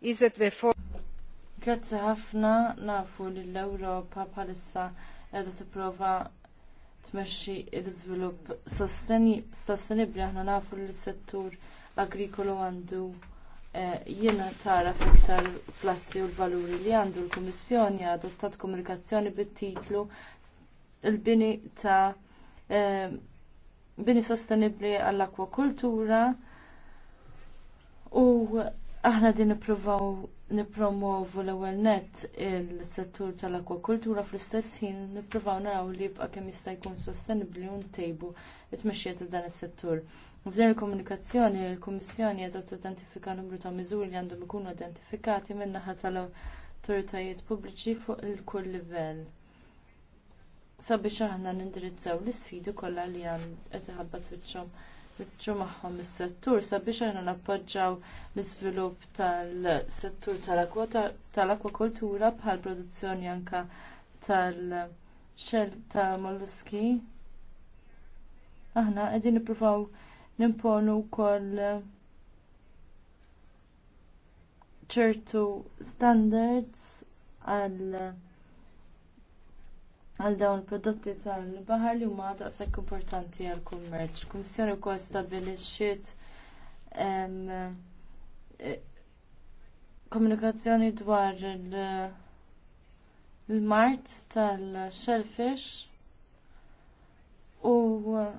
is at the for Grazie ħafna nafu li l-Ewropa bħalissa t-prova tmexxi l-iżvilupp sostenibbli aħna nafu li s-settur agrikolu għandu eh, jiena tara fl-iktar flassi u l-valuri li għandu l-Kummissjoni adottat komunikazzjoni bit-titlu il-bini ta' eh, bini sostenibbli għall-akwakultura u Aħna din nippruvaw nippromovu l-ewwel nett il-settur tal-akwakultura fl-istess ħin nippruvaw naraw li jibqa' kemm jista' jkun sostenibbli u ntejbu t-tmexxija ta' dan is-settur. F'din il-komunikazzjoni l-Kummissjoni qiegħda tidentifika numru ta' miżuri li għandhom ikunu identifikati min-naħa tal-awtoritajiet pubbliċi fuq il-kull livell. Sabiex aħna nindirizzaw l-isfidi kollha li qed iħabbat wiċċhom jispiċċu magħhom is-settur sabiex għajna nappoġġaw l-iżvilupp tal-settur tal-akwakultura bħal produzzjoni anke tal-xell ta' molluski. Aħna qegħdin nippruvaw nimponu wkoll ċertu standards għal għal dawn prodotti tal-baħar li huma daqshekk importanti għall kummerċ. Il-Kummissjoni wkoll stabbilixxiet eh, komunikazzjoni dwar il-mart tal-shellfish u eh,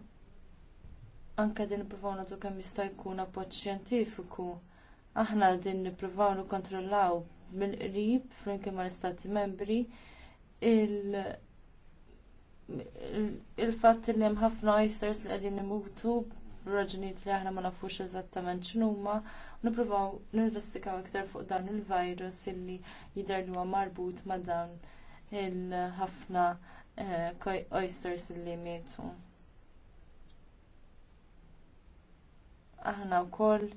anke din nippruvaw nagħtu kemm jista' jkun appoġġ xjentifiku. Aħna din nippruvaw nikkontrollaw mill-qrib flimkien mal-Istati Membri il- il-fatt li hemm ħafna oysters li qegħdin imutu b'raġunijiet li aħna ma nafux eżattament x'numa, nippruvaw ninvestigaw iktar fuq dan il-virus illi jidher li huwa marbut ma' dawn il-ħafna eh, oysters li mietu. Aħna wkoll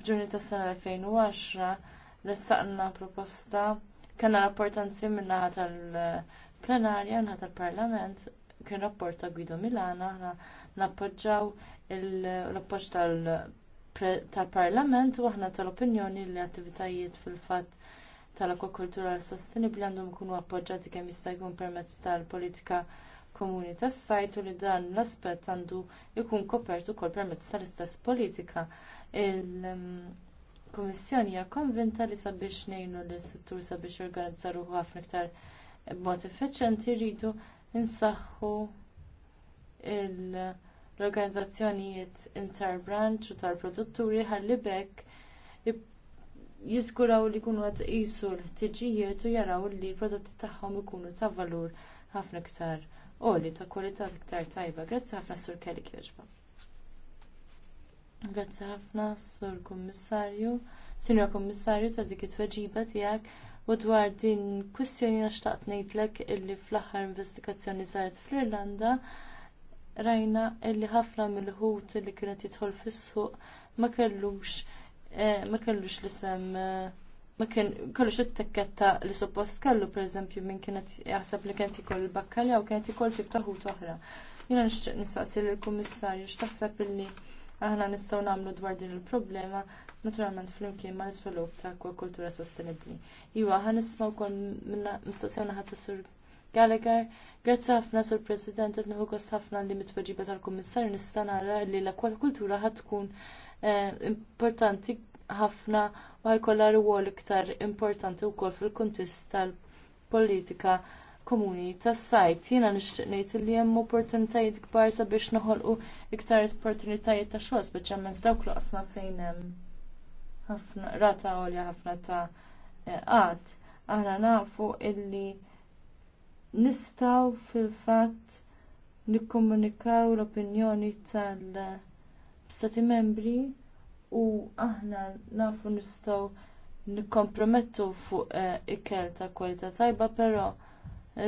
f'Ġunju tas-sena 2010 ressaqna proposta kellna rapportanzi minnaħa tal- plenarja nħat tal-Parlament kien rapport ta' Guido Milana aħna nappoġġaw l-appoġġ tal-Parlament u aħna tal-opinjoni li attivitajiet fil-fatt tal-akwakultura sostenibbli għandhom ikunu appoġġjati kemm jista' jkun permezz tal-politika komuni tas sajtu u li dan l-aspett għandu jkun kopert ukoll permezz tal-istess politika. Il-Kummissjoni hija konvinta li sabiex ngħinu lis settur sabiex jorganizza ruħu ħafna iktar b'mod effiċjenti rridu insaħħu l-organizzazzjonijiet interbranċ u tal-produtturi ħalli bekk jiżguraw li jkunu qed isu l-ħtiġijiet u jaraw li l-prodotti tagħhom ikunu ta' valur ħafna iktar għoli ta' kwalità iktar tajba. Grazzi ħafna sur Kelly Kjoġba. Grazzi ħafna sur Kummissarju, Sinjor Kummissarju ta' dik it-tweġiba tiegħek U dwar din kwistjoni naxtaqt ngħidlek illi fl-aħħar investigazzjoni saret fl-Irlanda rajna illi ħafna mill-ħut li kienet jidħol fis-suq ma kellux eh, ma kellux l-isem eh, ma kien kollux it-tekketta li suppost kellu pereżempju minn kienet jaħseb li kienet ikoll il-bakkalja u kienet ikoll tip ta' ħut oħra. Jiena nixtieq nistaqsi lill-Kummissarju x'taħseb illi aħna nistgħu nagħmlu dwar din il-problema naturalment flimkien mal iżvilupp ta' akwakultura sostenibbli. Iwa, ħan nisma' wkoll minna mistoqsijona ħadd sur Gallagher. Grazzi ħafna sur President qed nieħu kost ħafna li mitweġiba tal kummissarju nista' nara li l-akwakultura ħadd tkun eh, importanti ħafna u ħajkollha rwol iktar importanti wkoll fil-kuntest tal-politika komuni tas-sajt. Jiena nixtieq ngħid li hemm opportunitajiet kbar sabiex noħolqu iktar opportunitajiet ta' xogħol speċjalment f'dawk l-qosma fejn hemm ħafna rata għolja ħafna ta' qatt. Eh, aħna nafu illi nistaw fil-fatt nikkomunikaw l-opinjoni tal-stati membri u aħna nafu nistaw nikkompromettu fuq eh, ikel ta' kwalità tajba, però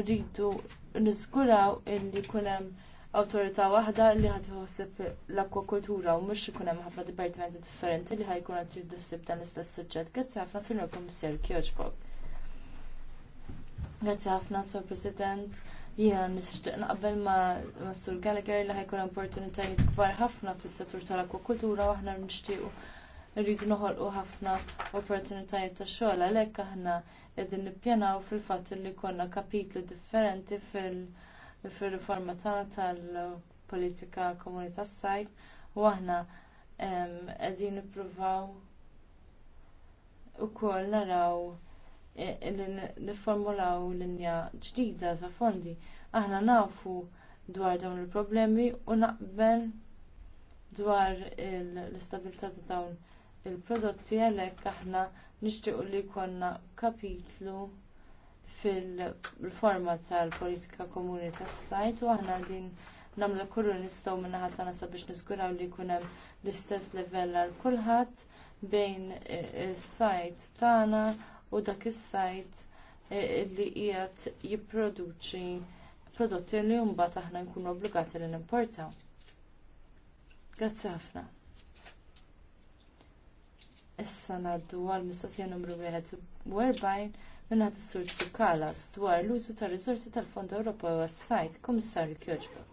rridu niżguraw illi kunem hemm awtorità waħda li ħad ħossib l-akwakultura u mhux ikun hemm ħafna dipartimenti differenti li ħajkun qed jiddossib dan l-istess suġġett. Grazzi ħafna Sinjor Kummissar Kjoġbog. Grazzi ħafna Sur President. Jiena nixtieq naqbel ma' Sur Gallagher li ħajkun opportunitajiet kbar ħafna fis-settur tal-akwakultura u aħna nixtiequ rridu noħolqu ħafna opportunitajiet ta' xogħol għalhekk aħna qegħdin nippjanaw fil-fatt li jkollna kapitlu differenti fil- fil-riforma tagħna tal-politika komuni tas sajd u aħna qegħdin nippruvaw ukoll naraw e, nifformulaw linja ġdida ta' fondi. Aħna nafu dwar dawn il-problemi u naqbel dwar l-istabilità ta' dawn il-prodotti għalhekk aħna nixtiequ li jkollna kapitlu fil-forma tal-politika komuni tas-sajt u aħna din nagħmlu kullu nistgħu min-naħa tagħna sabiex niżguraw li jkun hemm l-istess livell għal kulħadd bejn is-sajt tagħna u dak is-sajt e, li qiegħed jipproduċi prodotti li mbagħad aħna nkunu obbligati li nimportaw. Grazzi ħafna. Issa ngħaddu għall mistoqsija numru 41 minnat sur Sukalas dwar l-użu tar riżorsi tal-Fond Ewropew għas-sajt, Kummissarju Kjoġbok.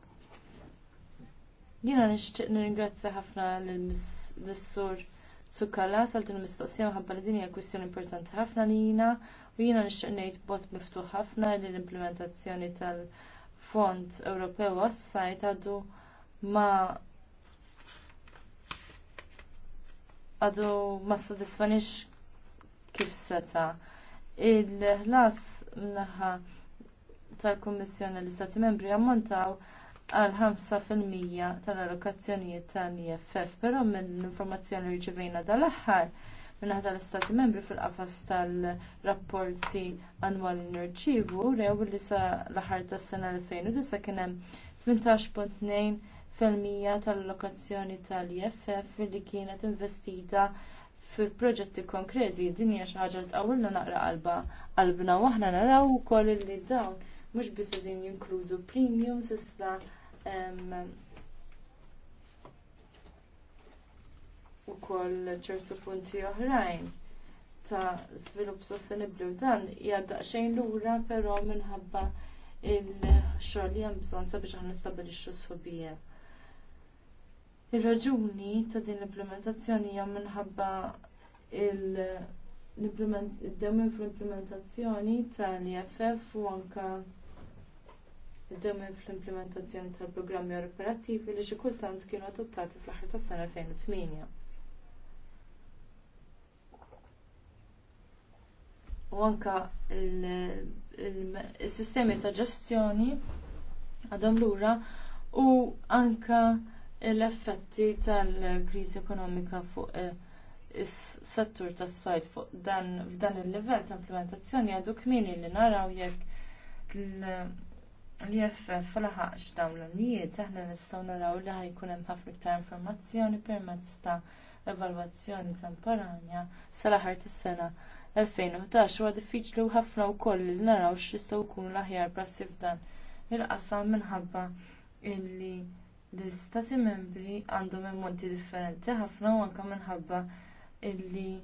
Jiena nixtieq nirringrazzja ħafna lill-sur Sukalas għal din il-mistoqsija minħabba li din hija kwistjoni importanti ħafna jiena u jiena nixtieq ngħid bot miftuħ ħafna li l-implementazzjoni tal-Fond Ewropew għas-sajt għadu ma għadu ma sodisfanix kif seta' il-ħlas mnaħa tal-Kummissjoni l-Istati Membri ammontaw għal 5% tal-allokazzjonijiet tal-IFF, però minn l-informazzjoni li ġivejna dal-aħħar minn tal-Istati membri fil-qafas tal-rapporti annwali nirċivu rew li sa l-aħħar tas-sena 2009 kien hemm 18.2% tal-allokazzjoni tal-IFF li kienet investita fil-proġetti konkreti din hija xi ħaġa li tqawwilna naqra qalba qalbna u aħna naraw ukoll li dawn mhux biss qegħdin jinkludu premium issa ukoll ċertu punti oħrajn ta' żvilupp sostenibbli u dan hija daqsxejn lura però minħabba il-xogħol li hemm bżonn sabiex aħna nistabbilixxu sħubija. Ir-raġuni ta' din l-implementazzjoni hija minħabba il-demin fl-implementazzjoni tal-IFF u anke id-demin fl-implementazzjoni tal-programmi operattivi li xi kultant kienu adottati fl-aħħar tas-sena 2008. U anke il-sistemi ta' ġestjoni għadhom lura u anke l-effetti tal-kriżi ekonomika fuq eh, is-settur tas-sajd fuq dan f'dan il-livell ta' implementazzjoni għadu kmieni li naraw jekk l-IFF laħaqx dawn l-unijiet aħna nistgħu naraw li ħajkun hemm ħafna iktar informazzjoni permezz ta' evalwazzjoni temporanja sal-aħar tas-sena 2011 huwa diffiċli ħafna wkoll li naraw x'jistgħu jkunu l-aħjar prassi f'dan il-qasam minħabba illi l-istati membri għandhom immonti differenti ħafna u anke minħabba illi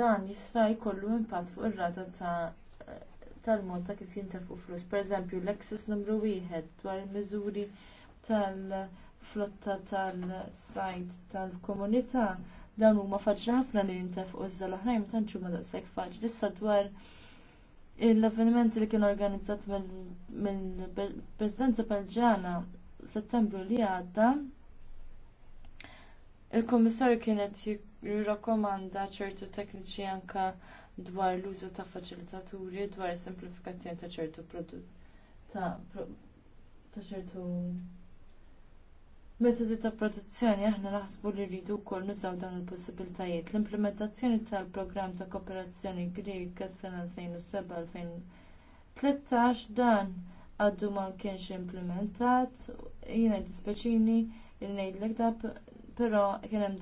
dan jista' jkollu impatt fuq ir-rata ta' tal-mod ta' kif jintefqu flus. Pereżempju l-Lexis numru wieħed dwar il-miżuri tal-flotta tal-sajt tal-komunità dawn huma faċli ħafna li jintefqu iżda l-oħrajn ma tantx huma daqshekk faċli issa dwar l-avvenimenti li kien organizzat mill-Presidenza Belġana settembru li għadda, il-Komissarju kienet jirrakkomanda ċertu tekniċi anke dwar l-użu ta' faċilitaturi, dwar is-simplifikazzjoni ta' ċertu prodotti ta' ċertu metodi ta' produzzjoni aħna naħsbu li rridu wkoll nużaw dawn il-possibiltajiet. L-implementazzjoni tal-programm ta' kooperazzjoni Grieg sena 2007-2013 dan għaddu ma kienx implementat, jiena dispeċini il l da, però kien hemm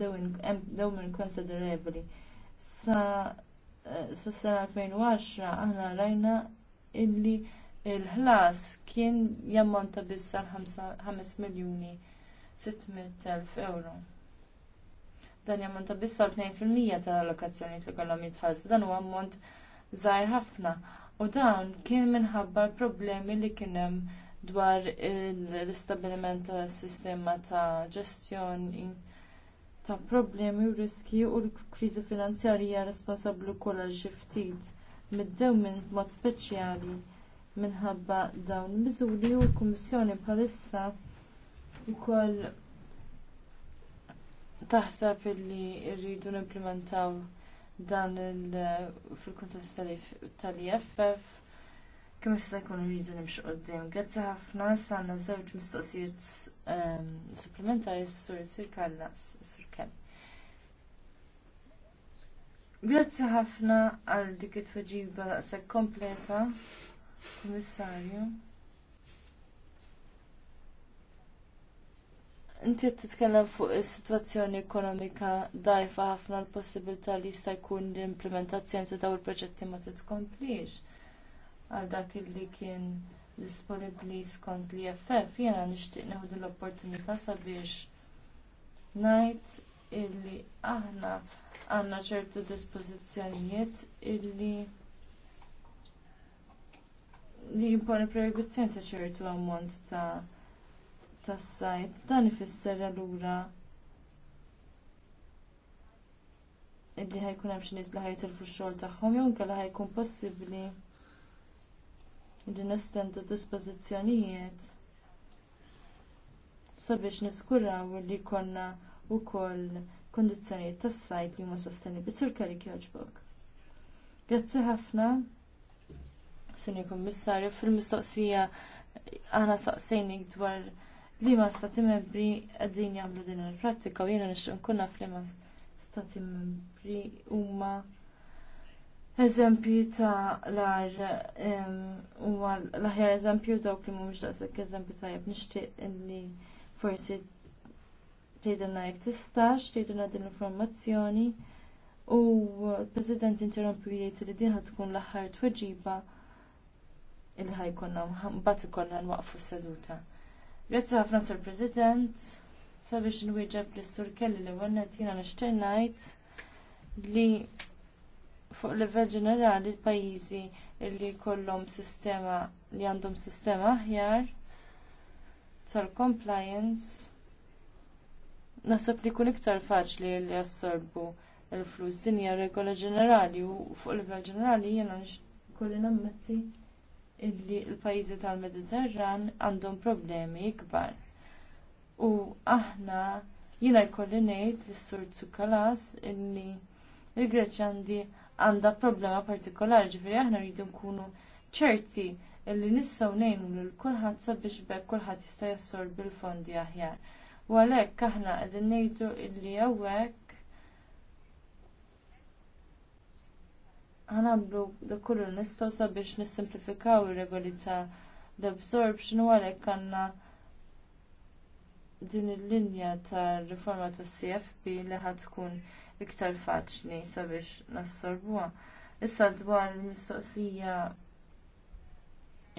dewmin konsiderevoli. Sa sena 2010 aħna rajna illi il-ħlas kien jammonta biss għal 5 miljuni 600.000 euro. Dan jammonta bissa 2% tal-allokazzjonijiet li kollhom jitħallsu, dan huwa ammont żgħar ħafna. U dan kien minħabba l-problemi li kien hemm dwar l-istabiliment ta' sistema ta' ġestjoni ta' problemi u riski u l-kriżi finanzjarija responsabbli kollha xi ftit middew minn mod speċjali minħabba dawn miżuri u l-Kummissjoni bħalissa ukoll taħseb li rridu nimplementaw dan fil-kuntest tal-IFF kemm jista' jkun irridu nimxu qudiem. Grazzi ħafna sanna żewġ mistoqsijiet ehm, supplementari s-sur Sirkalla s-sur Kemm. Grazzi ħafna għal dik it-tweġiba kompleta, Kummissarju. Inti titkellem fuq is-sitwazzjoni ekonomika dajfa ħafna l-possibilità li jista' jkun l-implementazzjoni ta' dawn il-proġetti ma titkomplix għal dak li kien disponibbli skont li FF jiena nixtieq neħu l-opportunità sabiex ngħid illi aħna għandna ċertu dispożizzjonijiet illi li jimponi proibizzjoni ta' ċertu ammont ta' tas-sajt. Dan ifisser allura illi ħajkun hemm xi nies li ħajtilfu x-xogħol tagħhom jew inkella ħajkun possibbli li nestendu dispożizzjonijiet sabiex niskuraw li jkollna wkoll kundizzjonijiet tas-sajt li huma sostenibbli sur kellik jogħġbok. Grazzi ħafna. Sinju Kummissarju, fil-mistoqsija għana saqsejnik dwar Liema stati membri għaddin jagħmlu din il-prattika u jiena nixtieq nkun naf stati membri huma eżempju ta' l-ar u l-aħjar eżempju dawk li mhumiex daqshekk eżempju tajjeb nixtieq li forsi tgħidilna jekk tistax, tgħidilna din l-informazzjoni u l-President interrompi jgħid li din tkun l-aħħar tweġiba il-ħajkonna mbagħad ikollna nwaqfu s-seduta. Grazzi ħafna sur President, sabiex nwieġeb li sur kelli li għannet jina nishtennajt ngħid li fuq level ġenerali l-pajjiżi li jkollhom sistema li għandhom sistema aħjar tal-compliance naħseb li kun iktar faċli li jassorbu l flus din hija regola ġenerali u fuq level ġenerali jiena kolli nammetti illi l-pajjiżi tal-Mediterran għandhom problemi kbar. U aħna jiena jkolli ngħid lis-Sur Tsukalas illi l-Greċja għandha problema partikolari ġifieri aħna rridu nkunu ċerti illi nistgħu ngħinu kulħadd sabiex bekk kulħadd jista' jassorbi l-fondi aħjar. U għalhekk aħna qegħdin ngħidu illi hawnhekk ħanamlu dak kollu nistgħu sabiex nissimplifikaw ir-regoli ta' l-absorption u għalhekk għandna din il-linja tar riforma tas CFP li ħad tkun iktar faċli sabiex nassorbuha. Issa dwar il-mistoqsija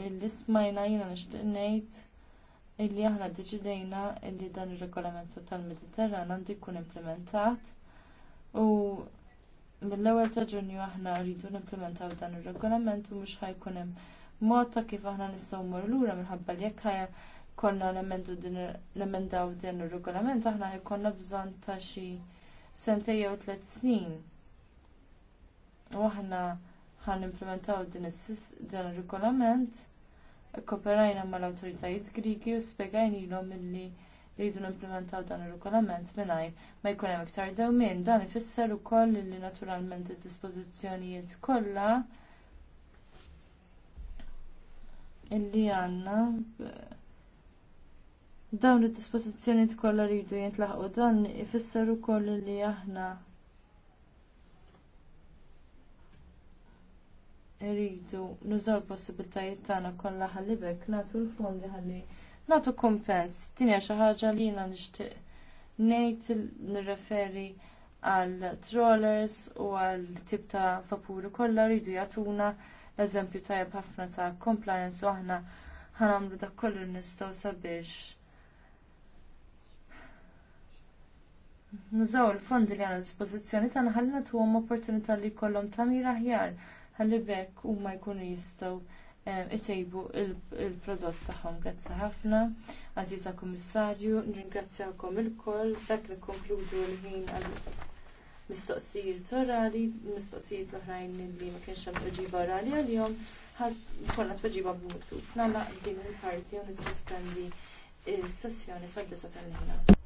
l ismajna jiena nixtieq ngħid illi aħna deċidejna illi dan ir regolamentu tal-Mediterran għandi jkun implementat u mill-ewwel ta' Ġunju aħna rridu nimplementaw dan ir-regolament u mhux ħajkun hemm mod ta' kif aħna nistgħu mmorru lura minħabba li jekk konna nemendaw din ir-regolament aħna ħajkonna bżonn ta' xi sentej jew tliet snin. U aħna ħan implementaw din ir-regolament kooperajna mal-awtoritajiet Griki u spjegajnilhom milli Iridu nimplementaw dan ir-regolament mingħajr ma jkun hemm iktar dewmien. Dan ifisser ukoll li naturalment id-dispożizzjonijiet kollha illi għandna dawn id-dispożizzjonijiet kollha li jridu jintlaħqu dan ifisser ukoll li aħna iridu nużaw il possibiltajiet tagħna kollha ħallibek nagħtu l-fondi ħalli nagħtu kumpens. tinja xaħġa xi ħaġa li jiena nixtieq ngħid nirreferi għal trollers u għal tip ta' vapuri kollha jridu jagħtuna eżempju tajjeb ħafna ta' compliance u aħna ħanamlu dak kollu nistgħu sabiex. Nużaw il-fondi li għandna dispożizzjoni tagħna ħalli nagħtuhom opportunità li jkollhom tagħmir aħjar ħalli bekk huma jkunu jistgħu isejbu il-prodott tagħhom. Grazzi ħafna, Aziza Kummissarju, nirringrazzjawkom il-koll, dak li l-ħin għal mistoqsijiet orali, mistoqsijiet oħrajn li ma kienx hemm tweġiba orali għalihom, kollha tweġiba b'mutu. Nagħlaq din il-parti u nissospendi il-sessjoni sal-disa tal-lejla.